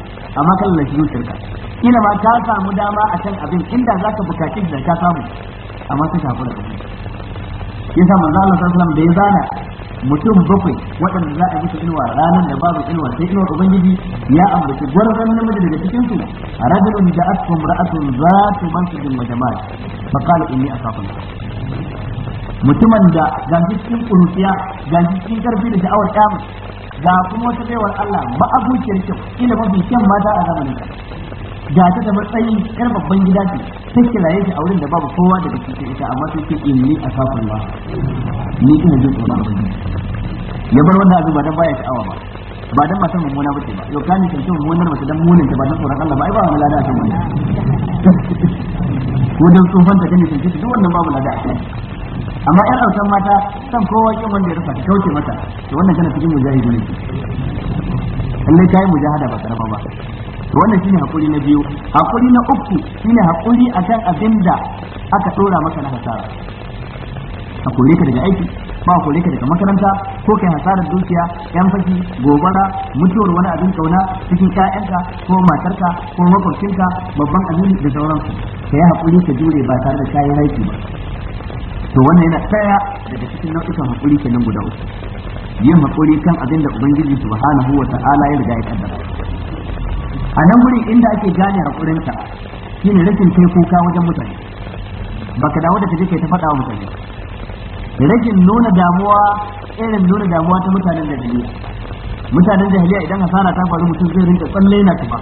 Speaker 1: amma kan lashi zuciyarka ina ma ka samu dama a can abin inda za ka bukaci da ka samu amma ta shafi da abin yasa manzo Allah sallallahu alaihi wasallam da ya zana mutum bakwai waɗanda za a yi inuwa ranar da babu inuwa sai inuwar ubangiji ya ambaci gwarzon namiji daga cikin su a rajulun da asfam ra'atun ban su jin jama'a ba kala inni akhafu mutumin da ga cikin kuruciya ga cikin karfi da sha'awar kyamu ga kuma wata baiwar Allah ba abokiyar kyau ina mafi kyan mata a zamanin ga ta da matsayin yar babban gida ce ta kiraye shi a wurin da babu kowa daga cikin ita amma sai ce a safin ba ni ina jin tsoron abin ya bar wanda azuba ba dan baya sha'awa ba ba dan masan mummuna bace ba yau kani kan cewa mummunar mace dan munin ta ba dan tsoron Allah ba ai ba wani lada a ko dan tsofan ta kani kan duk wannan babu lada a kan amma ɗan autan mata san kowa kin wanda ya rufa ta kauce mata to wannan kana cikin mujahidu ne lallai yi mujahada ba karama ba wannan shine hakuri na biyu hakuri na uku shine hakuri akan abin da aka dora maka na hasara a kore ka daga aiki ba a kore ka daga makaranta ko kai hasarar dukiya yan fashi gobara mutuwar wani abin kauna cikin ƴaƴanka ko matarka ko makwabcinka babban amini da sauransu ka yi hakuri ka jure ba tare da kayan aiki ba to wannan yana tsaya daga cikin nau'ikan hakuri kenan guda uku yin hakuri kan abin da ubangiji subhanahu wa ta'ala ya riga ya kaddara a nan gurin inda ake gane haƙurinsa shine rashin kai kuka wajen mutane baka dawo da kaje kai ta faɗa wa mutane rashin nuna damuwa irin nuna damuwa ta mutanen da jahiliya mutanen jahiliya idan hasara ta faru mutum zai rinka tsalle na tuba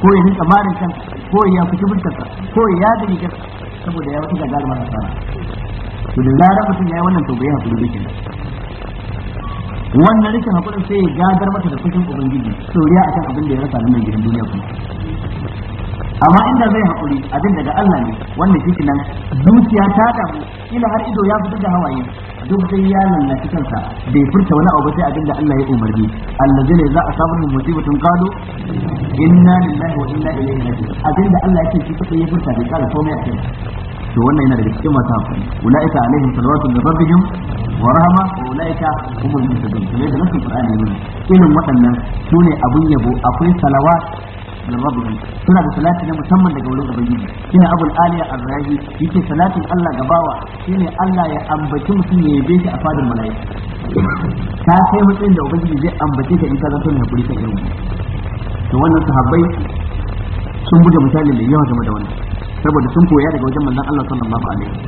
Speaker 1: ko ya rinka marin kansa ko ya fuki burkarsa ko ya da rigarsa saboda ya wata gagarumar hasara to da zarar mutum ya yi wannan to bai hakuri da kenan wannan rikin hakurin sai ya gadar masa da fushin ubangiji soriya kan abin da ya rasa nan gidan duniya kuma amma inda zai hakuri abin daga Allah ne wannan shi nan zuciya ta damu ila har ido ya fito da hawaye duk sai ya lallaci kansa bai furta wani abu sai abin da Allah ya umarni ne za a samu min musibatun qalu inna lillahi wa inna ilaihi raji'un abin da Allah ya ce shi sai ya furta bai kara komai a kai to wannan yana daga cikin masu amfani ulaika alaihim salawatu min rabbihim wa rahma wa ulaika humul muhtadun kamar da nasu qur'ani ne irin waɗannan sune abun yabo akwai salawat min rabbihim suna da salati na musamman daga wurin ubangiji shine abul aliya arrahi yake salatin Allah gabawa shine Allah ya ambaci mutum ya yabe shi a fadin mala'ika Ta kai mutum da ubangiji zai ambace ka in ka zanto ne hakuri kan irin to wannan sahabbai sun buga misali da yawa game da wannan saboda sun koya daga wajen manzon Allah sallallahu alaihi wasallam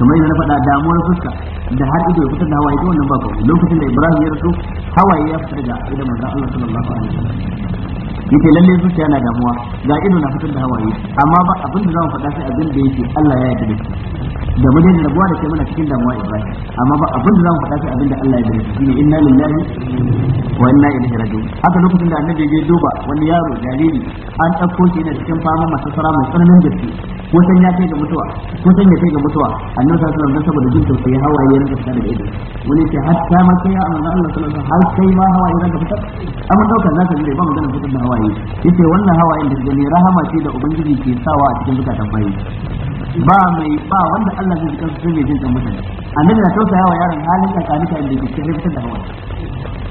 Speaker 1: kamar yadda na faɗa damuwar fuska da har ido ya fitar da hawaye ta wannan babu lokacin da Ibrahim ya rasu hawaye ya fitar da idan manzon Allah sallallahu alaihi wasallam yake lalle zuciya na damuwa ga ido na fitar da hawaye amma ba abin da zamu faɗa sai abin da yake Allah ya yarda da shi da mu dai rabuwa da kai muna cikin damuwa Ibrahim amma ba abin da za mu faɗa sai abin da Allah ya yarda da shi inna lillahi wa inna ilaihi raji'un haka lokacin da annabi ya duba wani yaro jariri an ɗauko shi ne cikin fama masu sara mai tsananin gaske ko san ya kai ga mutuwa ko san ya kai ga mutuwa annabi sallallahu alaihi wasallam saboda jin tausayi hawaye ran fitar da ido wani ce hatta ma kai ya annabi Allah sallallahu alaihi har kai ma hawaye ran fita amma dauka za ka jira ba magana fitar da hawaye yace wannan hawayen da gani rahama ce da ubangiji ke sawa a cikin zukatan bayi ba mai ba wanda Allah zai kansu sai mai jin kan mutane annabi na tausaya wa yaron halin da kanika inda ke fitar da hawaye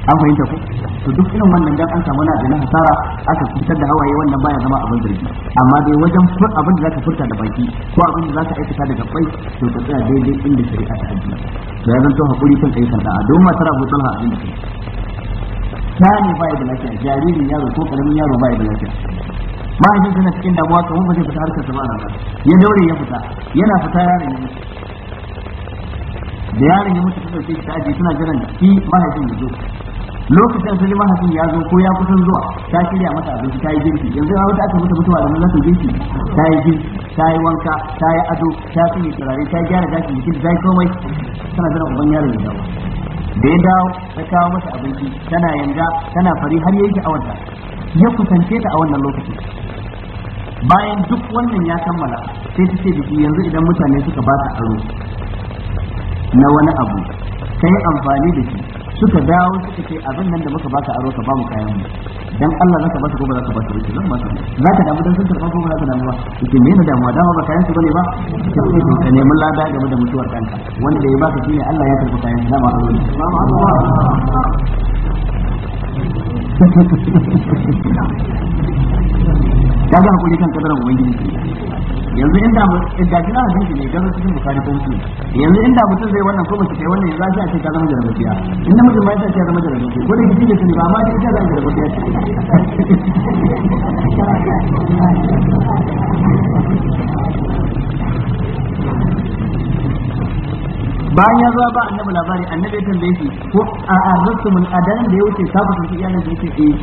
Speaker 1: an fahimta ku to duk irin wannan dan an samu na da hasara aka fitar da hawaye wannan baya zama abin zargi amma dai wajen fur abin da zaka furta da baki ko abin da zaka aikata daga bai to ka tsaya daidai inda shari'a ta ajiye Da ya to hakuri kan ayyukan da'a don matar Abu Talha abin da kai tani baya da lafiya jaririn yaro ko karamin yaro baya da lafiya mahaifin suna cikin damuwa kamar ba zai fita harkar sa ba ya daure ya fita yana fita yaron ya mutu da yaron ya mutu ta dauke shi ta ajiye suna jiran shi mahaifin ya zo lokacin sai mahaifin ya zo ko ya kusan zuwa ta shirya masa abinci ta yi girki yanzu a wata aka mutu mutuwa da za ta girki ta yi girki ta yi wanka ta yi ado ta fi turare ta yi gyara gashi jikin ta komai tana zana uban yaron ya dawo da ya dawo ta kawo masa abinci tana yanga tana fari har ya yi sha'awarta ya kusance ta a wannan lokacin bayan duk wannan ya kammala sai ta ce biki yanzu idan mutane suka ba ta aro na wani abu ka yi amfani da shi suka dawo suka ce abin nan da muka baka aro ka ba mu kayan mu dan Allah zaka ba su ko zaka ba su rike zan ba su zaka damu dan sun karba ko zaka damu ba yake me ne damuwa dama ba kayan su bane ba sai ka nemi lada game da mutuwar kanka wanda ya baka shine Allah ya karba kayan dama aro ne ka hakuri kan kadarin ubangiji yanzu inda eh, ne cikin bukari inda mutum zai wannan ko mace kai wannan yanzu za a ce ka zama in mutum ma ya ce ya zama jarabaciya ko da kike da ba ma dai ita zama
Speaker 2: jarabaciya ce
Speaker 1: bayan ya zuwa ba annabi labari annabi ya tambaye shi ko a mun adalan da ya wuce ta ku tuntuɓi yanar da yake eh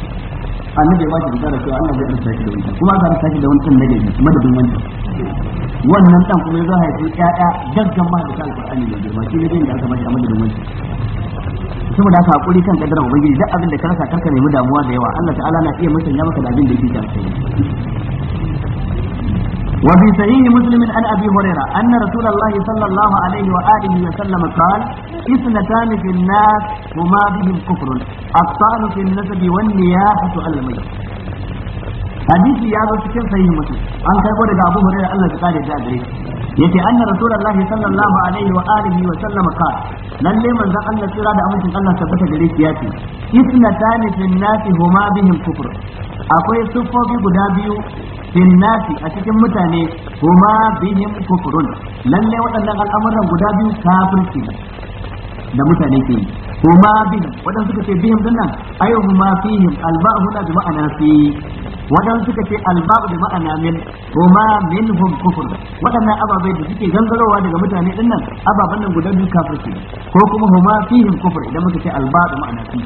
Speaker 1: annabi ya bashi bisara cewa Allah zai arsa shi da wancan kuma za a shi da wancan na gari madadin wancan wannan dan kuma ya haifi ƴaƴa gaggan ma da alqur'ani da girma shi ne da aka bashi a madadin wancan saboda haka hakuri kan kadara ubangiji duk abin da ka rasa karka nemi damuwa da yawa Allah ta'ala na iya musanya maka da abin da yake da وفي صحيح مسلم عن ابي هريره ان رسول الله صلى الله عليه واله وسلم قال اثنتان في الناس هما بهم كفر الطعن في النسب والنياحه على الميت hadisi ya zo cikin sahihi mutum an karbo daga abu hurairah Allah ya kare da gare yace anna rasulullahi sallallahu alaihi wa alihi wa sallam ka lalle manzon Allah tsira da amincin Allah tabbata gare shi yace isnatan fil nasi huma bihim kufr akwai sufofi guda biyu fil nasi a cikin mutane huma bihim kufrun lalle waɗannan al'amuran guda biyu kafirci da mutane ke yi huma bihim wadanda suka ce bihim dinnan ayyuhuma fihim alba'u da ma'ana fi wadan suka ce albabu da ma'ana min kuma minhum kufur wadannan ababai da suke gangarowa daga mutane din nan ababan nan guda biyu kafirci ko kuma huma fihim kufur idan muka ce albabu ma'ana fi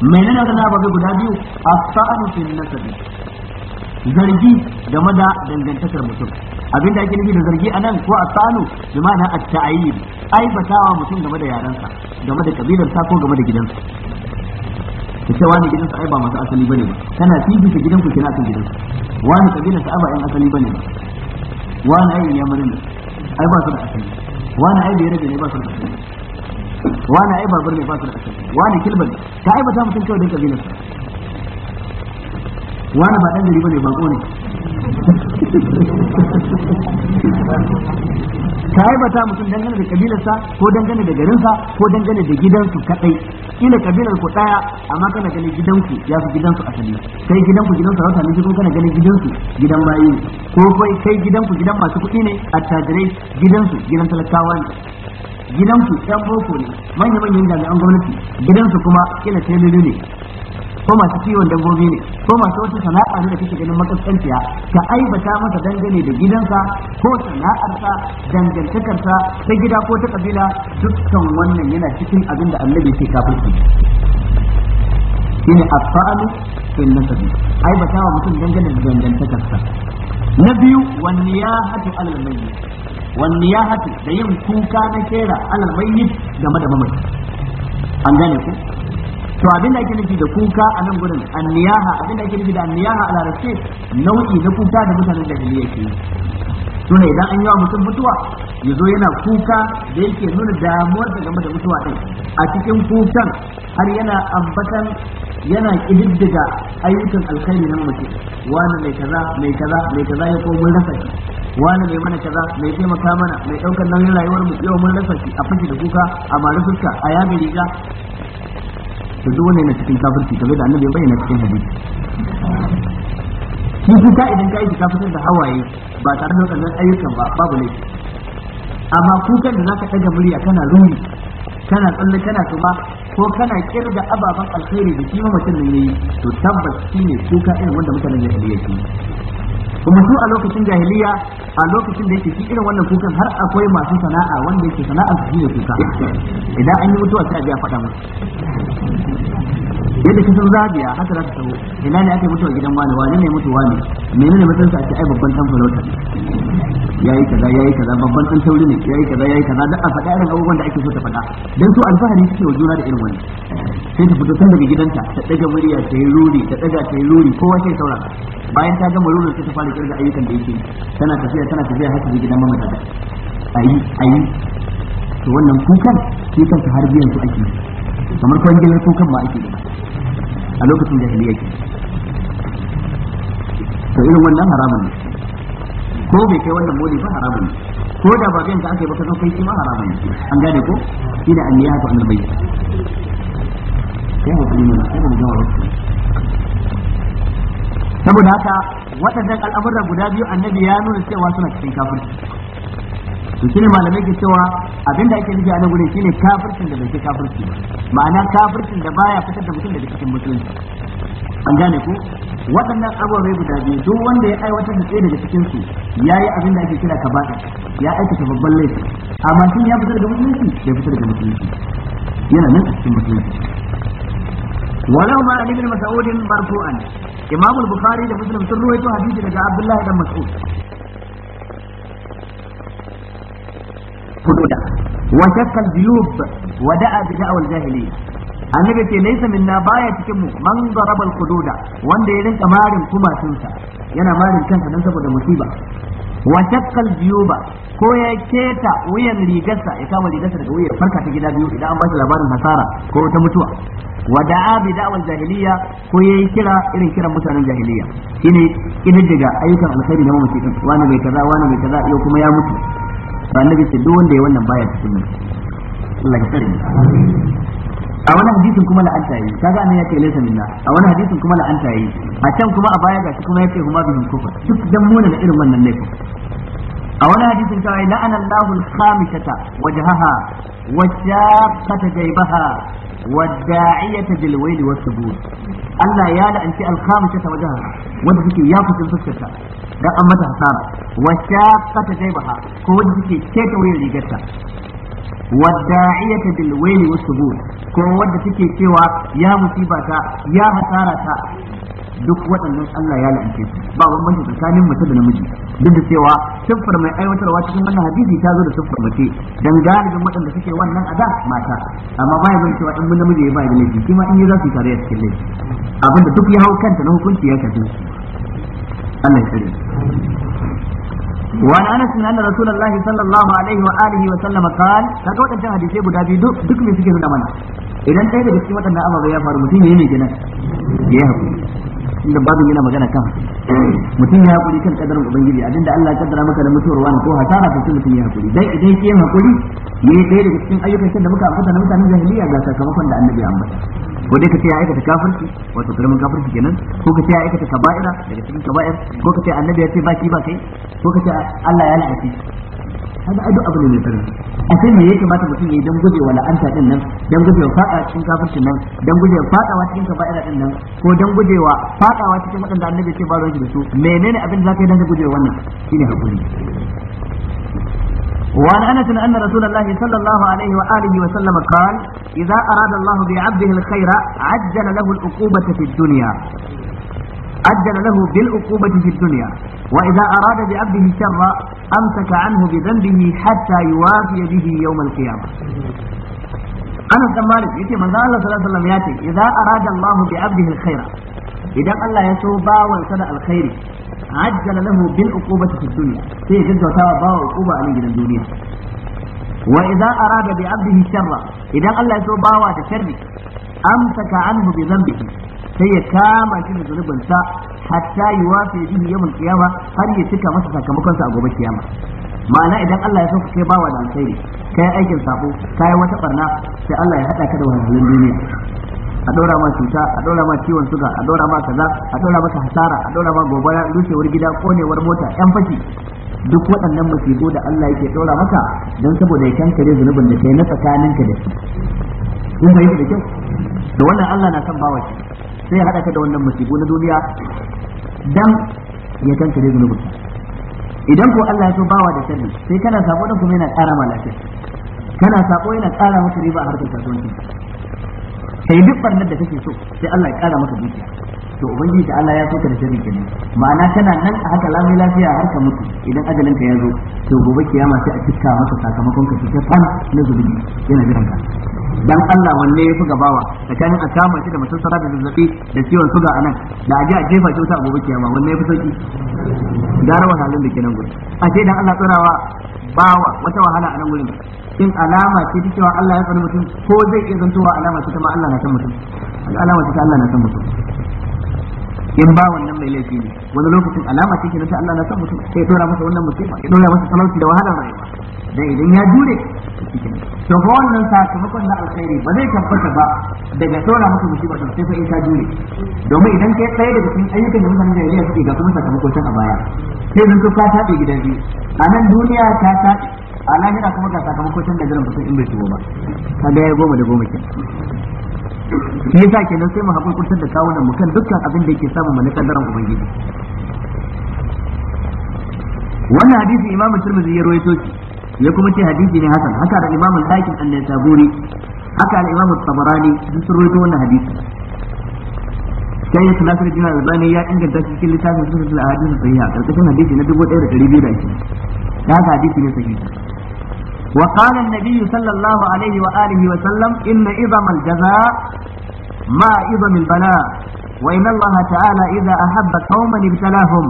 Speaker 1: menene na ababai guda biyu as-sa'nu fil nasabi zargi game da dangantakar mutum abinda ake nufi da zargi anan ko a tsano bi ma'ana at-ta'ayyib aibatawa mutum game da yaransa game da kabilarsa ko game da gidansa ka ce wani gidan sa ai ba masu asali bane ba kana ta gidan ku kina kan gidan wani kabila sa ba yan asali bane ba wani ai ya marin ai ba su da asali wani ai bai rage ne ba su da asali wani ai babur ne ba su da asali wani kilban ta aibata mutum kawai don kabilar sa wani ba ɗan gari ne ba ne yi bata mutum dangane da kabilarsa ko dangane da garinsa ko dangane da gidansu kadai kila kabilar ku daya amma kana ganin gidanku ya fi gidansu asali kai gidanku gidan a ne kuma kana ganin gidansu gidan bayi ko kai kai gidanku gidan masu kuɗi ne a attajirai gidansu gidan talakawa ne gidanku ɗan boko ne manya manyan jami'an gwamnati gidansu kuma kila sai ne ko masu ciwon dabbobi ne ko masu wata sana'a ne da kake ganin makaskanciya ka aibata masa dangane da gidansa ko sana'arsa dangantakarsa ta gida ko ta kabila dukkan wannan yana cikin abin da annabi ke kafirci shine afa'alu fil nasabi aibata wa mutum dangane da dangantakarsa na biyu wani ya alal mayyit wani ya da yin kuka na kera alal mayyit game da mamaci an gane ku to abin da ake nufi da kuka a nan gurin anniyaha abin da ake nufi da anniyaha a larabce nau'i na kuka da mutanen jahiliya ke to ne idan an yi wa mutum mutuwa ya zo yana kuka da yake nuna damuwar da game da mutuwa din a cikin kukan har yana ambatan yana kididdiga ayyukan alkhairi na mutum wani mai kaza mai kaza mai kaza ya komo rasa shi wani mai mana kaza mai taimaka mana mai daukar nauyin rayuwar mu yau mun rasa shi a fashi da kuka a mara fuska a yaga riga to duk wannan yana cikin kafirci game da annabi bayyana cikin hadisi shi kuka idan ka aiki kafirin da hawaye ba tare da wadannan ayyukan ba babu laifi amma kukan da zaka ɗaga murya kana rumi kana tsalle kana tuma ko kana kirga ababen alkhairi da shi mutum nan yayi to tabbas ne kuka irin wanda mutanen ya yi kuma su a lokacin jahiliya a lokacin da yake shi irin wannan kukan har akwai masu sana'a wanda yake sana'a su ne kuka idan an yi mutuwa sai a biya faɗa musu yadda ka san zabiya haka za ta san ina ne ake mutuwa gidan wani wani ne mutuwa ne menene mutum sa ake ai babban dan farauta yayi kaza yayi kaza babban dan tauri ne yayi kaza yayi kaza da a faɗa irin abubuwan da ake so ta faɗa don su alfahari suke wa juna da irin wani sai ta fito tun daga gidanta ta ɗaga murya ta yi ruri ta ɗaga ta yi ruri kowa sai saura bayan ta gama rurin sai ta fara kirga ayyukan da yake tana tafiya tana tafiya haka da gidan mamata ayi ayi to wannan kukan shi kanka har biyan su ake kamar kwangilar kukan ma ake da a lokacin da jahiliya ke to irin wannan haramun ne ko bai kai wannan mole ba haramun ne ko da ba biyan ka aka yi ba kasan kai shi ma haramun ne an gane ko shi da an yi haka an bai sai hukumi ne sai mu gawa saboda haka waɗannan al'amura guda biyu annabi ya nuna cewa suna cikin kafirci to shine malamai ke cewa abinda ake nufi a nan gurin shine kafircin da bai kai kafirci ba ma'ana kafircin da baya fitar da mutum daga cikin musulunci an gane ku waɗannan ababe guda biyu duk wanda ya aiwatar da tsaye daga cikin su ya yayi abinda ake kira baɗa ya aikata babban laifi amma shin ya fitar da musulunci ya fitar da musulunci yana nan cikin musulunci ولو ما عن ابن مسعود مرفوعا امام البخاري ده مسلم sun حديث daga عبد الله بن hududa wa shakka al-juyub wa da'a bi ce laysa minna baya cikin mu man daraba wanda ya rinka marin kumatunsa yana marin kansa dan saboda musiba wa shakka al ko ya keta wuyan rigarsa ya kama rigarsa daga wuyan farka ta gida biyu idan an ba shi labarin hasara ko ta mutuwa wa da'a bi da'wal jahiliya ko yayi kira irin kiran mutanen jahiliya shine daga ayyukan alkhairi na mamaci din wani bai kaza wani bai kaza yau kuma ya mutu to annabi ce duk wanda ya wannan baya cikin mu
Speaker 2: Allah ya
Speaker 1: a wani hadisin kuma la'anta yi kaga annabi ya ce laysa minna a wani hadisin kuma la'anta yi a can kuma a baya gashi kuma ya ce huma bihim kufur duk dan mona na irin wannan laifin a wani hadisin ta yi la'ana Allahu al-khamisata wajhaha wa shaqqata jaybaha wa da'iyata bil wayl wa subur Allah ya la'anci al-khamisata wajhaha wanda suke ya fukin fuskarta dan an mata hasara wa shaqqata jaybaha ko wanda take keta wayar rigarta wa da'iyata bil wayli wasubur ko wanda take cewa ya ta ya hasara ta duk waɗannan Allah ya la'ance su ba bambanci tsakanin mace da namiji duk da cewa siffar mai aiwatarwa cikin wannan hadisi ta zo da siffar mace dan galibin waɗanda suke wannan ada mata amma ba ya zan cewa in namiji ya ba da laifi shi in yi za su yi tare a cikin laifi abinda duk ya hau kanta na hukunci ya shafi Allah ya tsare وعن انس ان رسول الله صلى الله عليه واله وسلم قال kaga wadannan guda biyu duk duk ne suke nuna mana idan kai daga cikin wadannan ababai ya faru mutum ne ne kenan ya hakuri inda magana kan mutum ya hakuri kan kadarin ubangiji abinda Allah ya kaddara maka da mutuwar ko hasara ko mutum ya hakuri dai idan ke yin hakuri yayi dai daga cikin ayyukan da muka ambata na mutanen jahiliya ga sakamakon da annabi ya ambata ko dai ka ce ya aikata kafirci wato karamin kafirci kenan ko ka ce ya aikata kaba'ira daga cikin kaba'ir ko ka ce annabi ya ce ba shi ba kai ko ka ce Allah ya la'afi kaga ai abu ne mai a kai me yake mata mutum ya yi guje gujewa la'anta din nan dan gujewa fada cikin kafirci nan dan gujewa wa cikin kaba'ira din nan ko dan gujewa wa cikin da annabi ke ba ruwan da su menene abin da zaka yi dan gujewa wannan shine hakuri وعن انس ان رسول الله صلى الله عليه واله وسلم قال اذا اراد الله بعبده الخير عجل له العقوبه في الدنيا أذن له بالعقوبة في الدنيا وإذا أراد بعبده شرا أمسك عنه بذنبه حتى يوافي به يوم القيامة أنا بن مالك يتي من الله صلى الله عليه وسلم ياتي إذا أراد الله بعبده الخير إذا قال الله يسوبا وانسدى الخير عجل له بالعقوبة في الدنيا في جزء تابا عقوبة عليه من الدنيا وإذا أراد بعبده شرا إذا قال الله يسوبا وتشري أمسك عنه بذنبه sai ya kama shi da zunubin sa yi wafe bihi yi al kiyama har ya cika masa sakamakon sa a gobe kiyama ma'ana idan Allah ya sauka kai bawa da alkhairi kai aikin sabo kai wata barna sai Allah ya hada ka da wannan duniya a ɗora ma cuta a ɗora ma ciwon suga a ɗora ma kaza a ɗora maka hasara a ɗora ma gobara rushewar gida konewar mota yan fashi duk waɗannan masibo da Allah yake ɗora maka don saboda ya kankare zunubin da kai na tsakaninka da shi kun da kyau da wannan Allah na san bawa shi sai ya haɗa ka da wannan musibu na duniya dan ya da zunubin idan ko Allah ya so bawa da sharri sai kana sako dan kuma yana ƙara ma lafiya kana sako yana ƙara maka riba a harkar kasuwanci kai duk barnar da kake so sai Allah ya ƙara maka dukiya to ubangiji ta Allah ya so da shirin kenan ma'ana kana nan a haka lamai lafiya har ka mutu idan ajalin ya zo to gobe kiyama sai a cika masa sakamakon ka cikin fan na zubi yana jiran ka dan Allah wanne ya fi gabawa tsakanin a kama shi da sara da zazzabi da ciwon suga a nan da aje a jefa shi gobe a gobe kiyama wanne yafi sauki gara wahalun da kenan gudu a ce dan Allah tsarawa bawa wata wahala a nan gurin in alama ce ta cewa Allah ya tsare mutum ko zai iya zantowa alama ce ta ma Allah na san mutum alama ce ta Allah na san mutum in ba wannan mai laifi ne wani lokacin alama ce na ta Allah na san mutum sai ya dora masa wannan musifa ya dora masa talauci da wahalar rayuwa dan idan ya jure cikin to ba wannan sakamakon na alkhairi ba zai tabbata ba daga dora masa musifa sai sai ya jure domin idan kai tsaye daga cikin ayyukan da mutanen jahiliya suke ga kuma sakamakon can a baya sai zan ka tabe gidan biyu a nan duniya ta ta a lahira kuma ga sakamako can da jiran ba in bai shigo ba kaga ya goma da goma kenan yasa kenan sai mu hakurkurtar da kawunan mu kan dukkan abin da yake samun mana kaddaran ubangiji wannan hadisi Imam tirmidhi ya rawaito shi ya kuma ce hadisi ne hasan haka da imamu al-hakim an-nisaburi haka da imamu tabarani sun rawaito wannan hadisi sai yasa nasir jina albani ya inganta shi cikin littafin sunan al-ahadith sahiha karkashin hadisi na 1220 da haka hadisi ne sahihi وقال النبي صلى الله عليه وآله وسلم إن إظم الجزاء ما إظم البلاء وإن الله تعالى إذا أحب قوما ابتلاهم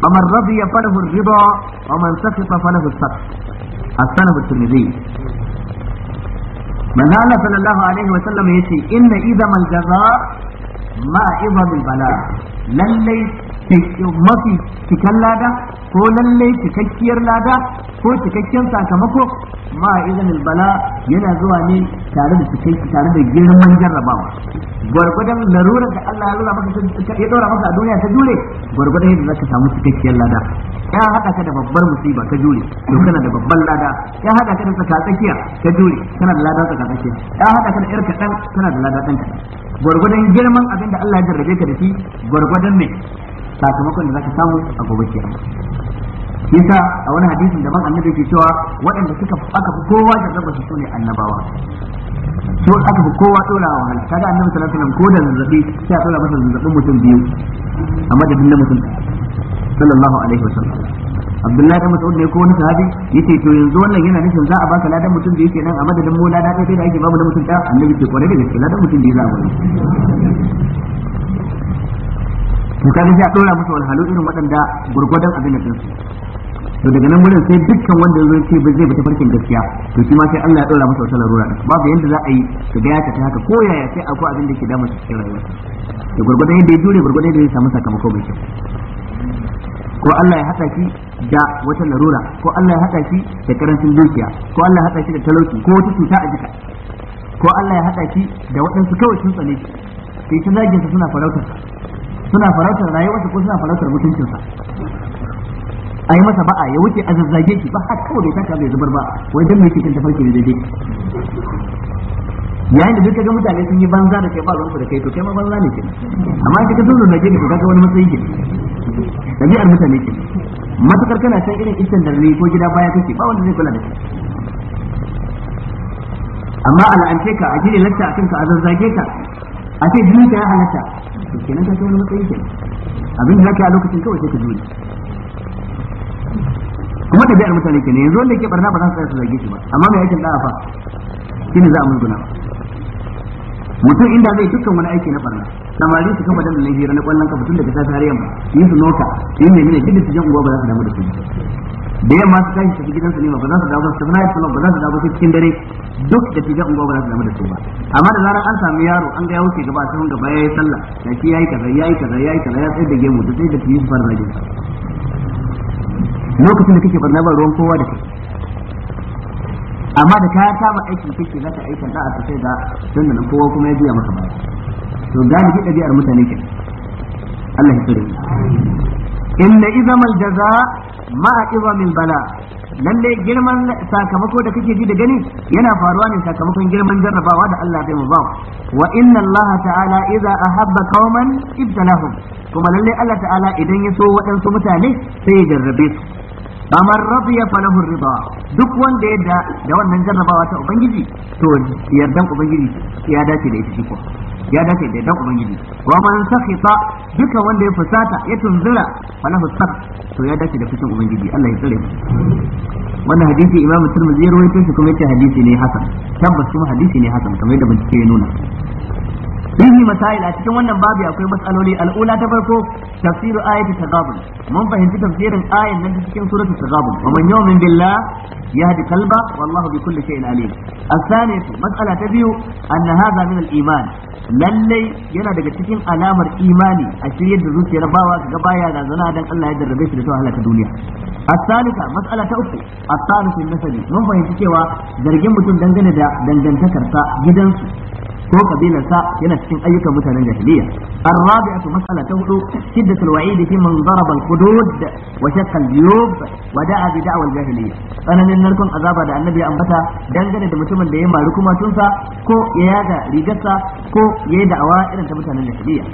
Speaker 1: فمن رضي فله الرضا ومن سخط فله السخط السنة الترمذي من قال صلى الله عليه وسلم يتي إن ما الجزاء ما إظم البلاء لن ليس mafi cikan lada ko lallai cikakkiyar lada ko cikakken sakamako ma izan bala yana zuwa ne tare da cikakki tare da girman jarrabawa gwargwadon larurar da Allah ya maka ya dora maka a duniya ta jure gwargwadon yadda zaka samu cikakkiyar lada ya haɗa ka da babbar musiba ka jure to kana da babban lada ya haɗa ka da tsakatsakiya ka jure kana da lada tsakatsakiya ya haɗa ka da yar kadan kana da lada dan gwargwadon girman abin da Allah ya jarrabe ka da shi gwargwadon ne sakamakon da zaka samu a gobe kiyama yasa a wani hadisin daban annabi ke cewa waɗanda suka aka fi kowa da zaba su ne annabawa to aka fi kowa dora wa wahala kaga annabi sallallahu alaihi wasallam ko da zazzabi sai a dora masa zazzabin mutum biyu a madadin na mutum sallallahu alaihi wasallam Abdullahi da Mas'ud ne ko wani sahabi yace to yanzu wannan yana nufin za a baka ladan mutum da yake nan a madadin mu ladan kai da ake bamu da mutum da annabi ke kware da gaske ladan mutum da za a
Speaker 2: bani
Speaker 1: to kaga sai a dora masa walhalu irin waɗanda gurgurdan abin da su to daga nan wurin sai dukkan wanda ya ce ba zai bi farkin gaskiya to shi ma sai Allah ya dora masa wata larura babu yanda za a yi ka ga ya ta haka ko yaya sai akwai abin da ke damar su cikin rayuwa to gurgurdan yadda ya jure gurgurdan yadda ya samu sakamako mai kyau ko Allah ya haɗa shi da wata larura ko Allah ya haɗa shi da karancin dukiya ko Allah ya haɗa shi da talauci ko wata cuta a jika ko Allah ya haɗa shi da waɗansu kawai sun tsane shi sai ta suna farautar suna farautar rayuwarsa ko suna farautar mutuncinsa a yi masa ba'a ya wuce a zazzage shi ba har kawai bai taka bai zubar ba wai dan mai cikin tafarki da daidai yayin da duka ga mutane sun yi banza da kai ba da kai to kai ma banza ne ke amma kika zo da ke to ga wani matsayi ke dabi'ar mutane ke matakar kana san irin iskan da ne ko gida baya kake ba wanda zai kula da kai amma al'ance ka a gire lacca akan ka a zazzage ka a ce jini ta ya halatta to kenan ta kai wani matsayi kenan abin da zaka a lokacin kawai sai ka jure kuma biyar mutane kenan yanzu wanda yake barna ba za su tsaya su zage shi ba amma mai aikin da'a fa ne za a murguna mutum inda zai dukkan wani aiki na barna samari su kama dandalin hira na kwallon kafa tun daga safe har yamma yin su nota yin mai ne, gidi su jan uwa ba za su damu da su da yamma su tashi su gidansu ne ba za su dawo su na yi ba za su dawo su cikin dare duk da shiga unguwa ba za su damu da su ba amma da zarar an samu yaro an ga ya wuce gaba sun gaba ya yi sallah da shi ya yi kaza ya yi kaza ya yi kaza ya tsaye da gemu da sai da fiye su fara zagin lokacin da kake barna ba ruwan kowa da kai amma da ka kama aikin kake za ka aikin da'a ta sai da tunda nan kowa kuma ya biya maka baya to galibi ɗabi'ar mutane ke Allah ya tsare inna izamal jaza ma'a min bala lalle girman sakamako da kake ji da gani yana faruwa ne sakamakon girman jarrabawa da Allah bai mu ba. wa inna Allah ta'ala idza ahabba qauman ibtalahum kuma lalle Allah ta'ala idan ya so waɗansu mutane sai ya jarrabe su amar rabiya falahu rida duk wanda ya da wannan jarrabawa ta ubangiji to yardan ubangiji ya dace da ita shi ko ya dace da yardan ubangiji wa man sakhita duka wanda ya fusata ya tunzura falahu sakh to ya dace da fushin ubangiji Allah ya tsare wannan hadisi imam tirmidhi ya rawaito shi kuma yace hadisi ne hasan tabbas kuma hadisi ne hasan kamar yadda bincike ya nuna fihi masaila a cikin wannan babu akwai matsaloli al'ula ta farko tafsiru ayati tagabun mun fahimci tafsirin ayan nan cikin suratu tagabun wa man yu'min billah yahdi qalba wallahu bi kulli shay'in alim الثانية مسألة تبيو أن هذا من iman للي yana daga cikin alamar imani a shirye da zuciyar bawa ga baya da zana dan Allah ya jarrabe shi da wahala ta duniya ta uku, أخرى الثالث النسبي mun fahimci cewa zargin mutum dangane da dangantakarsa gidansu ko kabilarsa yana cikin ayyukan mutanen jahiliya الرابعة مسألة تقول شدة الوعيد في من ضرب الحدود وشق الجيوب ودعا بدعوى الجاهلية أنا من نركن أذابا دا النبي أنبتا دنجل دا متمن دا يما ركما تنسى كو يادا ريجسا كو يدا أوائل أنت متمن الجاهلية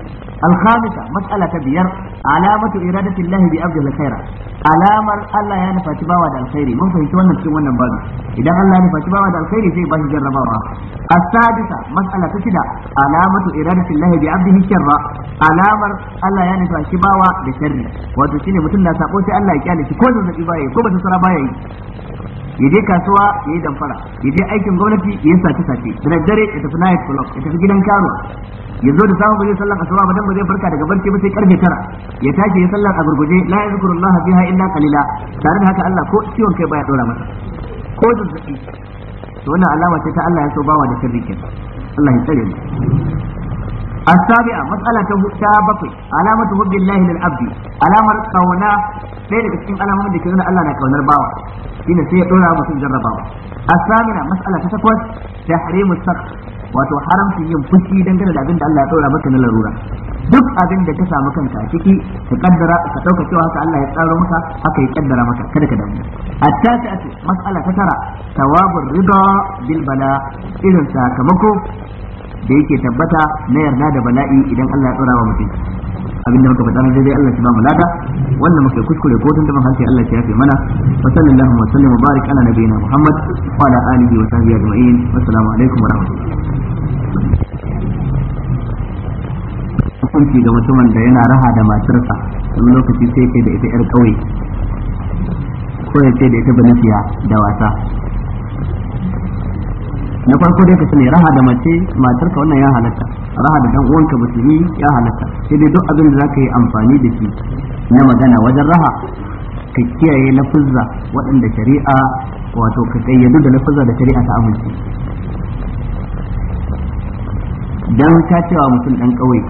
Speaker 1: الخامسة مسألة تبير علامة إرادة الله بأفضل الخير alamar Allah ya nufa ci bawa da alkhairi mun fahimci wannan cikin wannan babu idan Allah ya nufa bawa da alkhairi sai ba shi jarrabawa Allah ta shida alamatu iradatin lahi bi abdihi sharra alamar Allah ya nufa shi bawa da sharri wato shine mutum na sako sai Allah ya kyale shi ko zabi baya ko ba ta sara baya yi ya je kasuwa ya damfara ya je aikin gwamnati ya sace sace da dare ya tafi night club ya tafi gidan karuwa ya zo da samun bazai sallan asuba ba dan ba zai farka daga barci ba sai karfe tara ya tashi ya sallan a gurguje la yazkurullaha fiha illa qalila tare da haka Allah ko ciwon kai baya dora masa ko zabi to wannan alama ce ta Allah ya so bawa da sirri kenan Allah ya tsare mu ta مسألة تابقي علامة حب الله abdi. Alamar قونا sai daga cikin alamomin da ke nuna Allah na kaunar bawa shine sai ya dora mutum jarrabawa الثامنة مسألة تتكوز تحريم السقف wato haramcin yin fushi dangane da abin da Allah ya tsora maka na larura duk abin da ka samu kanka a ciki ka kaddara ka dauka cewa haka Allah ya tsara maka haka ya kaddara maka kada ka damu a tafe-a ati mas'ala ta tara tawabur riba bil irin sakamako da yake tabbata na yarda da bala'i idan Allah ya tsora wa mutum abinda muka faɗa daidai Allah ya ba mu lada wannan muke kuskure ko tun da ban hanci Allah ya yafe mana wa sallallahu wa sallam barik ala nabiyina Muhammad wa ala alihi wa sahbihi ajma'in assalamu alaikum wa rahmatullahi hukunci ga mutumin da yana raha da matarsa wani lokaci sai ke da ita yar kauye ko ya ce da ita banafiya da wasa na farko dai ka sani raha da mace matarka wannan ya halatta raha da dan uwanka musulmi ya halatta sai dai duk abin da zaka yi amfani da shi na magana wajen raha ka kiyaye na fuzza waɗanda shari'a wato ka kayyadu da na fuzza da shari'a ta amince dan ka cewa mutum dan kauye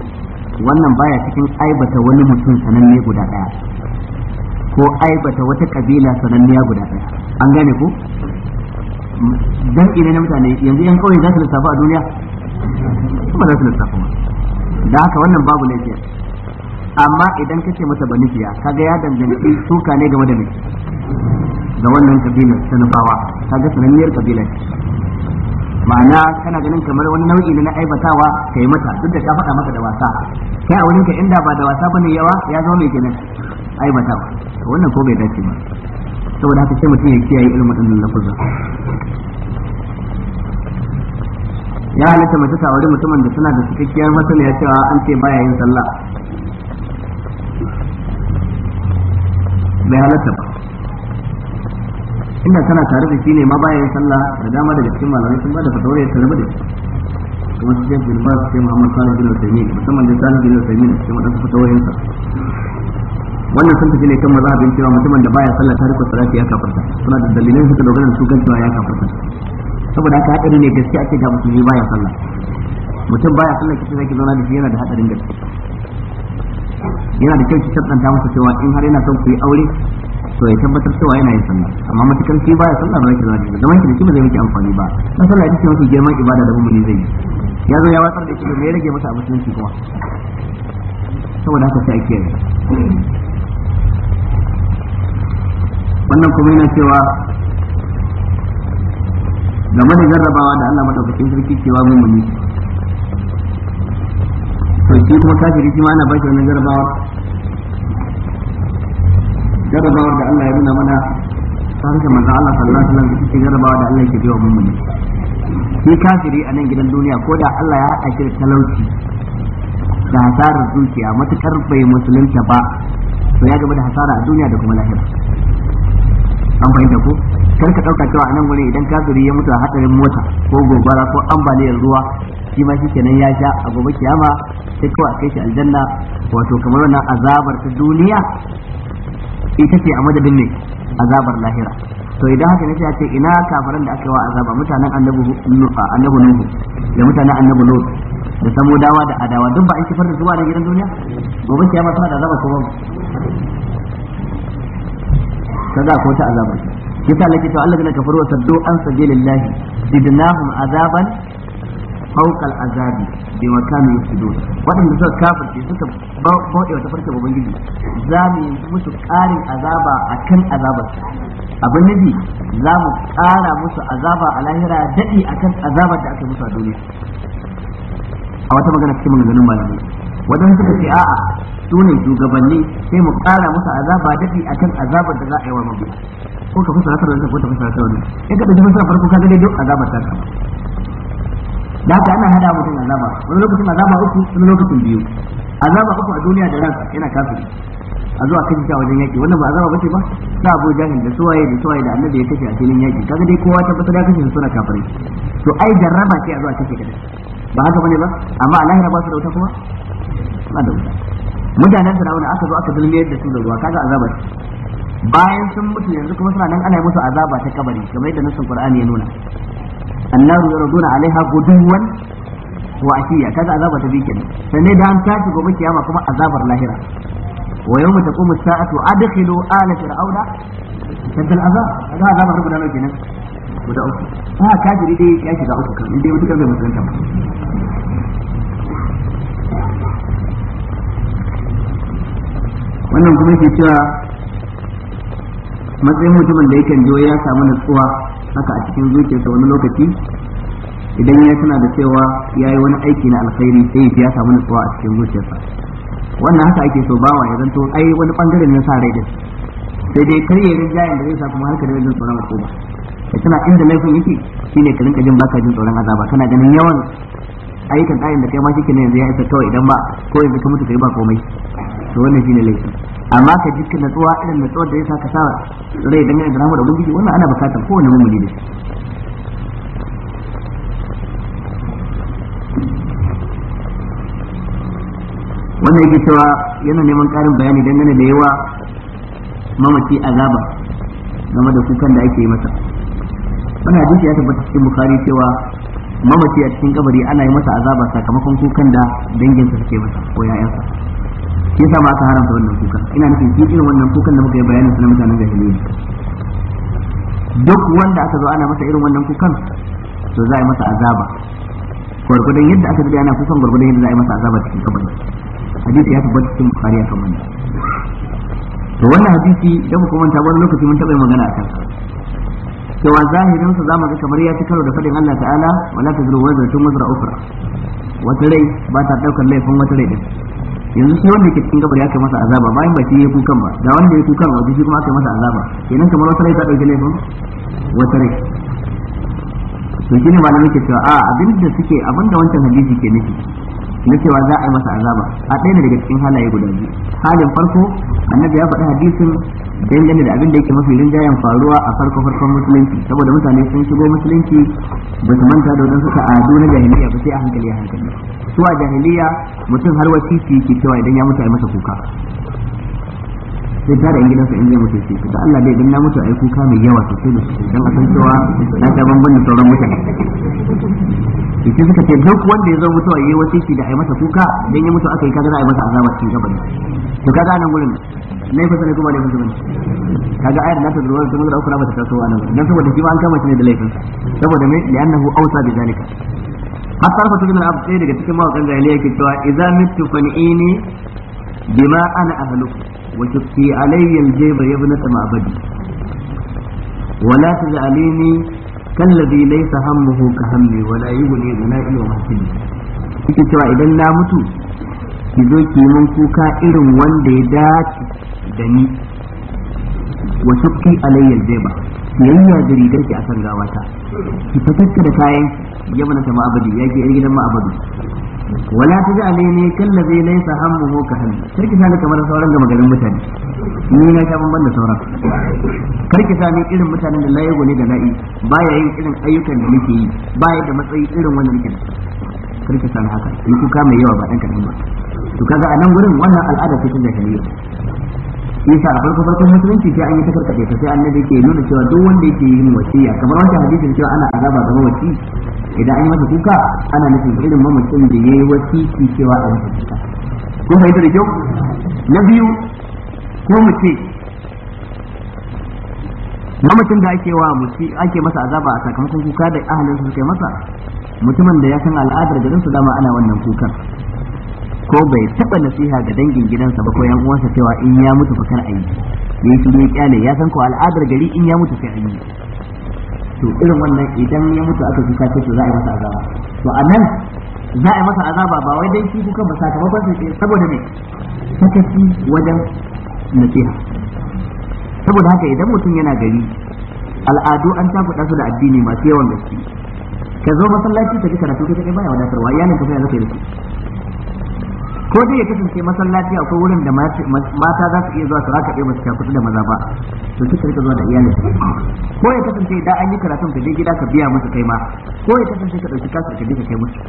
Speaker 1: wannan baya cikin aibata wani mutum sananne guda daya ko aibata wata kabila sananniya guda daya an gane ko dan ina na mutane yanzu yan kawai za su lissafa a duniya Kuma za su lissafa kuma, da haka wannan babu laifiya amma idan ka ce mata banifiya kaga ya danganci suka ne game da mai da wannan kabilar ta nufawa kaga sananniyar kabilar ma'ana kana ganin kamar wani nau'i na aibatawa ka yi mata duk da ta faɗa maka da wasa kai a wurinka inda ba da wasa bane yawa ya zama mai kenan aibatawa wannan ko bai dace ba saboda haka sai mutum ya kiyaye irin waɗannan lafuzan ya halatta mace ta aure mutumin da suna da cikakkiyar masaniya cewa an ce baya yin sallah bai halatta ba inda tana tare da shi ne ma baya yin sallah da dama daga cikin malamai sun ba da fatawar ya tarbi da shi kamar su James Gilbert sai Muhammad Salih bin Uthaymeen musamman da Salih bin Uthaymeen sai wadansu fatawoyin sa wannan sun tafi ne kan mazhabin cewa mutumin da baya sallah ta ko salati ya kafarta suna da dalilan suka dogara da su kan cewa ya kafarta saboda haka hadari ne gaske ake ce mutum musulmi baya sallah mutum baya sallah kici zai zauna da shi yana da hadarin gaske yana da kyau ki tabbata masa cewa in har yana son ku yi aure to ya tabbatar cewa yana yin sallah amma matukar shi baya sallah ba yake zaji zaman ki da shi ba zai miki amfani ba dan sallah ita ce mafi girman ibada da mummuni zai yi ya zo ya watsar da shi me ya rage masa a musulunci kuma saboda haka sai ake wannan kuma yana cewa game da jarrabawa da Allah madaukakin sarki cewa mun muni to shi kuma kafiri shi kuma ana ba shi wannan jarrabawa jarrabawar da Allah ya nuna mana ta harshe manzo Allah sallallahu alaihi wasallam ita jarrabawa da Allah yake biya mun muni shi kafiri a nan gidan duniya ko da Allah ya haɗa shi da talauci da hasarar zuciya matukar bai musulunta ba to ya gaba da hasara a duniya da kuma lahira an fahimta ko kar ka dauka cewa nan wurin idan kafiri ya mutu a hadarin mota ko gobara ko ambaliyar ruwa shi ma shi kenan ya sha a gobe kiyama sai kawai a kai shi aljanna wato kamar wannan azabar ta duniya ita ce a madadin ne azabar lahira to idan haka ne sai a ce ina kafaran da aka yi wa azaba mutanen annabi annabi nuhu da mutanen annabi lut da samudawa da adawa duk ba a kifar da zuwa da gidan duniya gobe kiyama ta da azaba ko babu kaga ko ta azabar? yasa lake to Allah na kafaru wa saddu an sabilillahi zidnahum azaban fawqa al'azabi bi ma kanu yufsidun wadanda suka kafirce suka bauɗe wata farce ubangiji za mu yi musu ƙarin azaba akan azabar abin nufi za mu ƙara musu azaba a lahira daɗi akan azabar da aka musu a duniya a wata magana cikin maganganun malamai wadanda suka ce a'a su ne shugabanni sai mu kara musu azaba daɗi akan azabar da za a yi wa mabiya ko ka fasa haka ko ta fusa haka wani in ka ɗauki fasa farko ka gani duk azabar ta kama da haka ana hada mutum azaba wani lokacin azaba uku wani lokacin biyu azaba uku a duniya da ransa yana kafiri a zuwa kan ta wajen yaki wannan ba azaba bace ba a Abu Jahil da suwaye da suwaye da Annabi ya kashe a filin yaki kaga dai kowa tabbatar ya kashe suna kafirai to ai jarraba ce a zuwa kashe kada ba haka bane ba amma a lahira ba su da wuta kuma ba da wuta mutanen fir'auna aka zo aka zulme da su da ruwa kaga azaba bayan sun mutu yanzu kuma suna nan ana musu azaba ta kabari kamar yadda nassin qur'ani ya nuna annaru yaraduna alaiha guduwan wa ashiya kaga azaba ta bikin ne da an tashi gobe kiyama kuma azabar lahira wa yawma taqumu saatu adkhilu ala fir'auna kadal azab kaga azabar rubuna ne kenan guda uku ah kafiri dai ya shiga uku kan dai mutukar da musulunta wannan kuma ke cewa matsayin mutumin da yake jiyo ya samu nutsuwa haka a cikin zuciyarsa wani lokaci idan ya tana da cewa ya yi wani aiki na alkhairi sai ya samu nutsuwa a cikin zuciyarsa wannan haka ake so bawa ya zanto ai wani bangaren na sa rai da sai dai kar yayin jayin da zai sa kuma harkar jin tsoron hukuma ka tana inda laifin yake shine ka rinka jin baka jin tsoron azaba kana ganin yawan ayyukan tsarin da kai ma shi ne yanzu ya isa kawai idan ba ko yanzu ka mutu kai ba komai to wannan shine laifi amma ka jikka natsuwa irin natsuwar da ya sa ka sa rai dangane da da ubangiji wannan ana bukatar kowane mummuni da shi wannan yake cewa yana neman karin bayani dangane da yawa mamaci azaba game da kukan da ake yi masa wannan hadisi ya tabbata cikin bukari cewa mamaci a cikin kabari ana yi masa azaba sakamakon kukan da danginsa suke masa ko 'ya'yansa yasa ba aka haramta wannan kuka ina nufin shi irin wannan kukan da muka yi bayanin na mutanen jahiliya duk wanda aka zo ana masa irin wannan kukan to za a yi masa azaba gwargwadon yadda aka zuba ana kukan gwargwadon yadda za a yi masa azaba cikin kabari hadisi ya tabbata cikin bukhari akan wannan to wannan hadisi da muka manta wani lokaci mun taɓa magana akan cewa zahirin sa zamu ga kamar ya ci karo da faɗin Allah ta'ala wala tazru wazratun wazra ukra wata rai ba ta ɗaukar laifin wata rai din yanzu sai wanda ke cikin gabar ya kai masa azaba bayan ba shi ya kukan ba da wanda ya kukan wajen shi kuma aka masa azaba kenan kamar wata rai ta ɗauki laifin wata rai to ba malamin nake cewa a abin da suke abin da wancan hadisi ke nufi na cewa za a yi masa azaba a ɗaya daga cikin halaye guda biyu halin farko annabi ya faɗi hadisin dangane da abin da yake mafi rinjayen faruwa a farko farkon musulunci saboda mutane sun shigo musulunci ba su manta da wadansu ta'adu na jahiliya ba sai a hankali a hankali su a jahiliya mutum har wasiki ke cewa idan ya mutu a masa kuka sai tare in gidansa in zai mutu sai da Allah dai idan na mutu ai kuka mai yawa sosai da sosai dan a san cewa na ta bamban da sauran mutane
Speaker 2: yake
Speaker 1: suka ce duk wanda ya zo mutuwa yayi shi da ai masa kuka dan ya mutu aka yi kaga za a yi masa azaba cikin ne to kaga nan gurin nai fa sai kuma ne mutum kaga ayar na ta zuwa da mun da ukura ba ta taso a nan dan saboda shi ma an kama shi ne da laifin saboda me li'annahu awsa bi zalika hatta alfatu min al-abd daga cikin mawakan da yake cewa idza mitu ini bima ana ahluku وشقي علي الجيب يا ابنة معبدي ولا تجعليني كالذي ليس همه كهمي ولا يغني غنائي ومحسني kike cewa idan na mutu ki zo ki mun kuka irin wanda ya dace da ni wa shukki alayyal zeba ki yayya da rigar ki akan gawata ki fatakka da kayan yamma ta ma'abadi ya ke gidan ma'abadi wala ta كالذي ليس همه كهم hammuhu ka كمان karki كما kamar sauran da magarin mutane ni na sha ثاني da sauran karki sani irin mutanen da layi gune da na'i baya yin irin ayyukan da nake yi baya da matsayi irin wanda nake da karki sani haka ni kuka mai yawa ba dan a nan wannan al'ada ce ta jahiliya farko farkon musulunci sai an yi takarkace ta sai annabi ke nuna cewa duk wanda yake yin wasiya kamar wancan hadisin cewa ana azaba ga wasi idan an yi masa kuka ana nufin irin mamacin da ya yi yayi wasiki cewa a masa kuka kun fahimta da kyau na biyu ko mu ce mamacin da ake wa mutu ake masa azaba a sakamakon kuka da ahalin su suka masa mutumin da ya san al'adar garin su dama ana wannan kukan ko bai taba nasiha ga dangin gidansa ba ko yan uwansa cewa in ya mutu fa kar ayi yayi shi ne kyale ya san ko al'adar gari in ya mutu sai ayi to irin wannan idan ya mutu aka fi sake to za a yi masa azaba to a nan za a yi masa azaba ba wai dai shi kukan ba sakamakon ce saboda me sakaci wajen nasiha saboda haka idan mutum yana gari al'adu an takuɗa su da addini masu yawan gaske ka zo masallaci ta ji karatu ta kai baya wadatarwa iyalin ka sai zaka yi ko dai ya kasance masallaci akwai wurin da mata za su iya zuwa su raka ɗaya ba su shakutu da maza ba to suka rika zuwa da iyalin ko ya kasance da an yi karatun ka je gida ka biya musu kai ma ko ya kasance ka ɗauki kasar ka je ka kai musu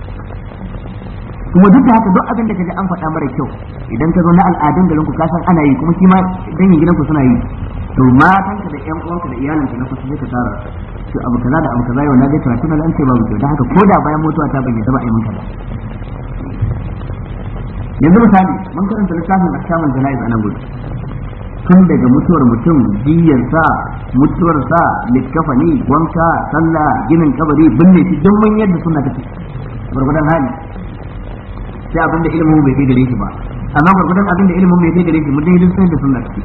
Speaker 1: kuma duk da haka duk abin da kaji an faɗa mara kyau idan ka zo na al'adun da ku ka san ana yi kuma shi ma dangin gidan ku suna yi to matanka da ƴan uwanka da iyalinka na kusa sai ka tsara to abu kaza da abu kaza yau na ga karatu na an ce babu kyau da haka ko da bayan mutuwa ta bayyana ba a yi mun kaza yanzu misali mun karanta littafin ahkamul jana'iz nan gudu tun daga mutuwar mutum jiyarsa mutuwarsa likkafani wanka sallah ginin kabari binne shi don mun yadda suna tafi gwargwadon hali sai abin da ilimin bai kai gare shi ba amma gwargwadon abin da ilimin bai kai gare shi mun dai sun da suna tafi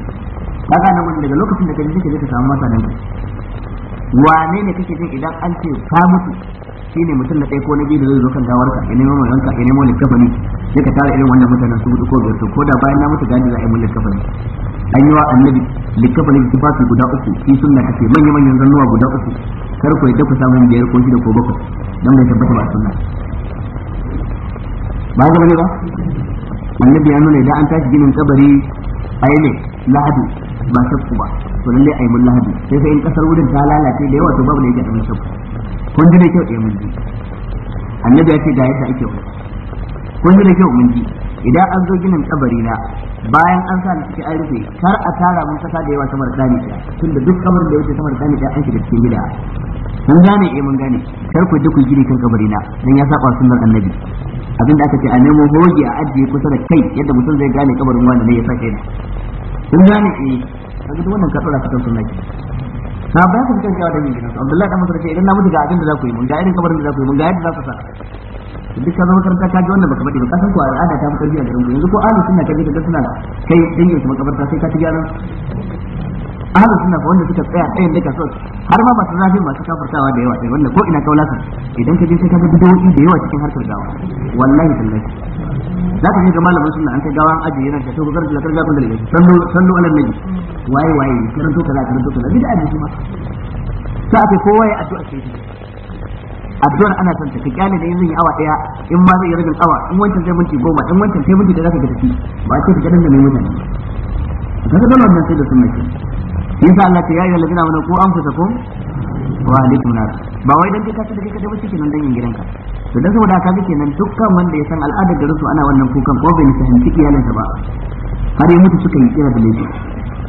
Speaker 1: kaga nan mun daga lokacin da kaje kake ka samu mata nan wane ne kake jin idan an ce ka mutu shi ne mutum na ɗaya ko na biyu da zai zo kan gawarka ya nemo yanka, ya nemo ne sai ka tara irin wannan mutanen su hudu ko biyar to ko da bayan na mutu gani za a yi mun ne an yi wa annabi littafani da tufafi guda uku shi na take manya manyan zannuwa guda uku kar ku yadda ku samu biyar ko shida ko bakwai don bai tabbata ba sunna ba ga ne ba annabi ya nuna idan an tashi ginin kabari ai ne lahadu ba shakku ba to lalle ai mun lahadu sai sai in kasar wurin ta lalace da yawa to babu ne ga da shakku kun ji da kyau ɗaya eh, mun ji annabi ya ce ga yadda ake wani kun ji da kyau mun ji idan an zo ginin kabari na bayan an sa ni cikin an rufe kar a tara mun kasa da yawa samar da ɗaya tunda duk kabarin da yake samar da ɗaya an shiga cikin gida mun gane eh mun gane kar ku duk ku gini kan kabari na dan ya saba sunnar annabi abin da aka ce a nemo hoge a ajiye kusa da kai yadda mutum zai gane kabarin wanda ne ya sake ni kun gane eh kaga duk wannan ka tsara kan sunna ba su fitar cewa yin gidansu abdullahi dan masarauta idan na mutu ga abin da za ku yi mun ga irin kabarin da za ku yi mun ga yadda za ku sa duk ka zama karanta kaji ji wannan baka faɗi ba ka ko al'ada ta fi karfi a garin yanzu ko alu suna kaje da suna kai dangin su makabarta sai ka ci gyaran ahlus sunna ga wanda suka tsaya tsayin da kaso har ma masu su zafi masu kafurtawa da yawa sai wanda ko ina kaula su idan ka je sai ka ga bidoyi da yawa cikin harkar gawa wallahi billahi za ka je ga malamin sunna an kai gawa an ajiye yana da to gurbar da karga da laifi sallu sallu alal nabi waye waye karanto kaza karanto kaza bid'a ne kuma sai ake kowa ya addu'a sai addu'ar ana son ta ka kyale da yanzu awa daya in ma zai rage awa in wancan zai minti goma in wancan sai minti da zaka ga tafi ba ce ka kadan mai mutane ga dole wannan sai da sunna ce yasa Allah ta yayi ko an fusa ko wa alaikum nar ba wai dan kika da kika da wuce kenan dan gidanka to dan saboda ka kike nan dukkan wanda ya san al'adar garin su ana wannan kukan ko bai yalan ta ba har ya mutu suka yi kira da laifi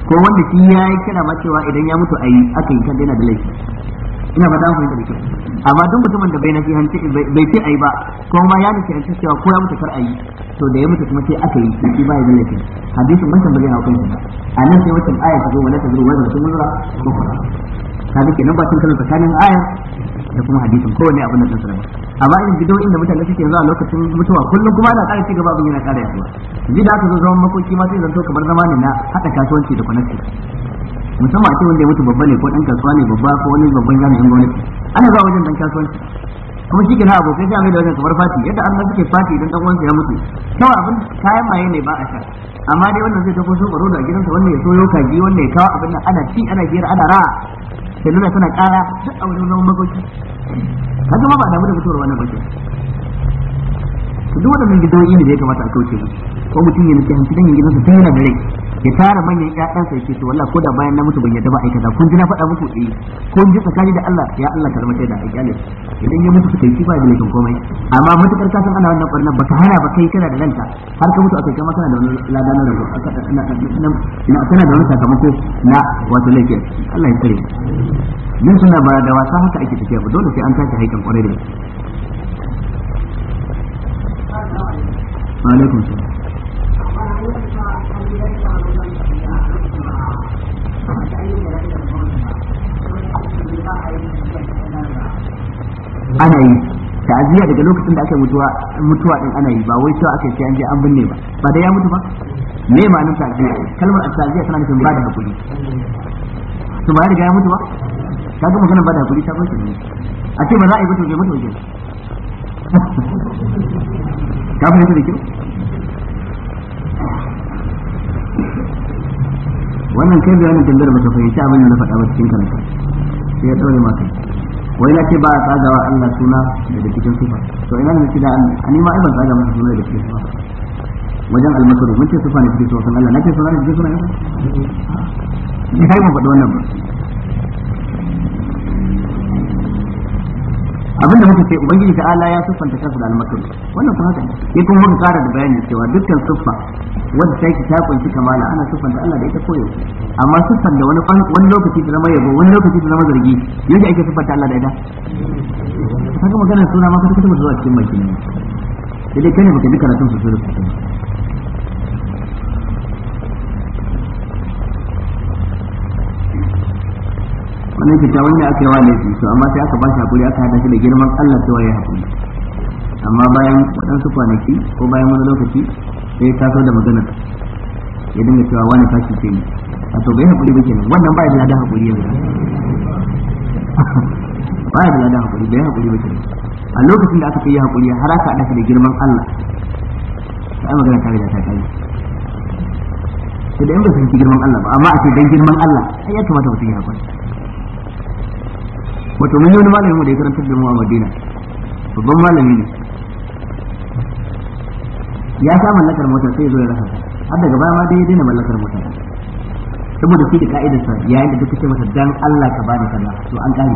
Speaker 1: ko wanda shi ya yi kira ma cewa idan ya mutu ayi aka yi kan daina da laifi ina ba za ku yi da kyau amma duk mutumin da bai nasi hanci bai ce ayi ba kuma ma ya nufi hanci cewa ko ya mutu kar ayi to da ya mutu kuma sai aka yi shi ba ya da laifin hadisin wancan ba zai hau kansa a nan sai wancan aya ta zo wala ta zo wala ta nura ko kuma kaga kenan ba cin karo tsakanin aya da kuma hadisin kowanne abin da sun ba amma irin bidoyin inda mutane suke zuwa lokacin mutuwa kullum kuma ana ƙara cigaba abin yana ƙara yaduwa ji da aka zo zaman makoki ma sai zanto kamar zama ne na haɗa kasuwanci da kwanaki musamman a cikin wanda ya mutu babba ne ko dan kasuwa ne babba ko wani babban jami'in gwamnati ana zuwa wajen dan kasuwanci kuma shi kenan abokai sai a mai da wajen kamar fati yadda an suke fati idan dan uwansa ya mutu kawai abin kayan maye ne ba a sha amma dai wannan zai tafi shobaro da gidansa wannan ya soyo kaji wannan ya kawo abin nan ana ci ana biyar ana ra'a nuna suna kara duk a wajen zaman makoki kaga ma ba damu da mutuwar wannan bakin duk waɗannan gidoyi ne da ya kamata a kauce musu ko mutum ya nasihanci dangin gidansa tun yana da rai ya tara manyan ƴaƴansa ya ce to wallahi ko da bayan na mutu ban yadda ba aikata kun ji na faɗa muku eh kun ji tsakani da Allah ya Allah karma da a kyale idan ya mutu kai shi ba da laifin komai amma matukar ka san ana wannan barnar baka hana ba kai kana da lanta har ka mutu akai kama kana da wani ladan na rago na kana da wani sakamako na wato laifin Allah ya tsare yin suna ba da wasa haka ake tafiya ba dole sai an tashi haikan ƙwarai
Speaker 2: da alaikum salam ana yi
Speaker 1: ta'aziyya daga lokacin da aka mutuwa mutuwa din ana yi ba wai cewa aka ce an je an binne ba ba da ya mutu ba me ma'anar ta'aziyya kalmar ta'aziyya tana nufin ba da hakuri to ba ya riga ya mutu ba ga magana ba da hakuri ta bace ne a ce ba za a yi mutu bai mutu ba ka fahimta da kyau wannan kai bayanin tambayar ba ta fahimci abin da na faɗa ba cikin kanta sai ya ɗaure maka wai na ce ba a tsaga wa Allah suna daga cikin sufa to ina ne kida an ani ma ai ban tsaga masa suna daga cikin sufa wajen almakaru mun ce sufa ne cikin sufa Allah na ce suna ne cikin suna ne ni kai ban faɗi wannan ba abinda muka ce ubangiji ta ala ya siffanta kansa da almakar wannan kuma haka ya kuma muka kara da bayani cewa dukkan siffa wanda ta ta kunshi kamala ana siffanta Allah da ita koyo amma siffan da wani wani lokaci ta zama yabo wani lokaci ta zama zargi yadda ake siffanta Allah da ita kama ganin suna ma ta kuma zuwa cikin makin ne sai dai kane baka duka na tun su su rubuta wannan ke tawon ake aka yi wa laifi to amma sai aka ba shi hakuri aka hada shi da girman Allah sai waye hakuri amma bayan waɗansu kwanaki ko bayan wani lokaci sai ya taso da maganar ya dinga cewa wani fashi ce ne a to bai hakuri ba kenan wannan ba ya da ladan hakuri yanzu ba ya da hakuri bai hakuri ba kenan a lokacin da aka kai hakuri har aka hada shi da girman Allah sai magana ta riga ta kai sai da in ba san girman Allah ba amma a ce dan girman Allah sai ya kamata mutum ya hakuri wato mun yi wani malami mu da ya karantar da mu a Madina babban malami ne ya sa mallakar mota sai zo ya rasa har daga baya ma dai ya daina mallakar mota saboda shi da ka'idar sa yayin da duka ce masa dan Allah ka bani kaza to an kare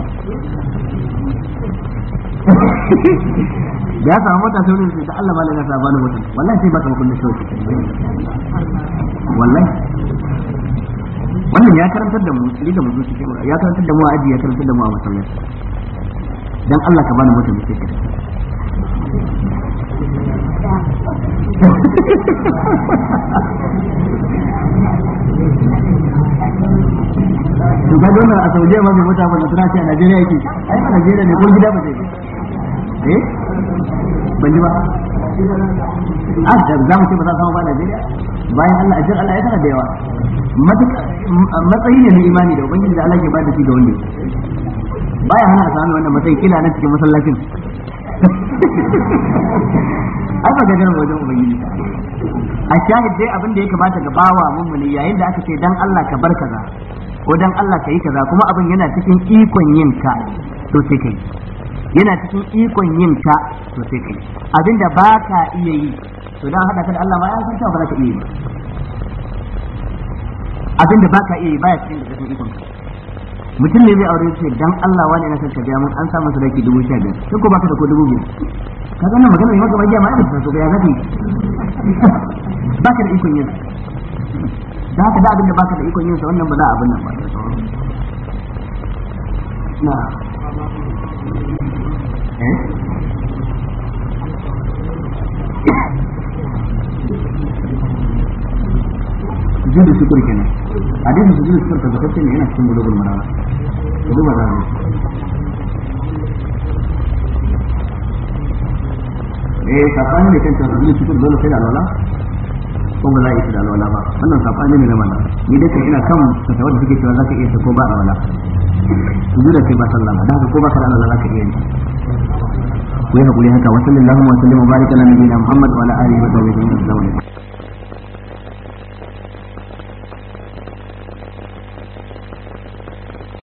Speaker 1: ya samu mota sai ne sai Allah malaka sa bani mota wallahi sai baka makullin shauki
Speaker 2: wallahi
Speaker 1: wannan ya karantar da mu tsiri da mu zuci ya karantar da mu a aji ya karantar da mu a masallaci dan Allah ka bani mota mutum ka
Speaker 2: to ga
Speaker 1: dole a Saudiya ma mai mota ba na tunashi a Najeriya yake ai a Najeriya ne ko gida ba zai
Speaker 2: eh ban ji ba a
Speaker 1: ah, da za mu ce ba za samu ba Najeriya bayan Allah ajiyar Allah ya tana da yawa matsayi ne na imani da ubangiji da Allah ke bada shi ga wanda baya hana a samu wannan matsayi kila na cikin masallacin ai ba jiran wajen ubangiji a shahid dai abin da ya kamata ga bawa mummuni yayin da aka ce dan Allah ka bar kaza ko dan Allah ka yi kaza kuma abin yana cikin ikon yin ka to sai kai yana cikin ikon yin ka to sai kai abinda ba ka iya yi to dan hada ka da Allah ma ya san cewa ba za ka iya yi abin da baka iya yi baya cikin da kasan ikon mutum ne zai aure ce dan Allah wani na san ka biya mun an samu sadaki dubu sha biyar sai ko baka da ko dubu biyar ka ga nan magana ne maka magiya ma ina san so ya zafi baka da ikon yin da haka da abin da baka da ikon yin sa wannan ba za abin nan ba
Speaker 2: na eh sujudu shukr kenan hadisin
Speaker 1: sujudu shukr tabbatacce ne yana cikin bulugul marawa duba da eh sabani ne kan sujudu shukr dole sai da alwala ko ba za a yi da alwala ba wannan sabani ne na mana ni dai ina kan fatawar da suke cewa zaka iya ta ko ba alwala sujudu sai ba sallama dan haka ko ba ka da alwala iya yi ku yi hakuri haka wa sallallahu wa sallam wa baraka ala nabiyyina muhammad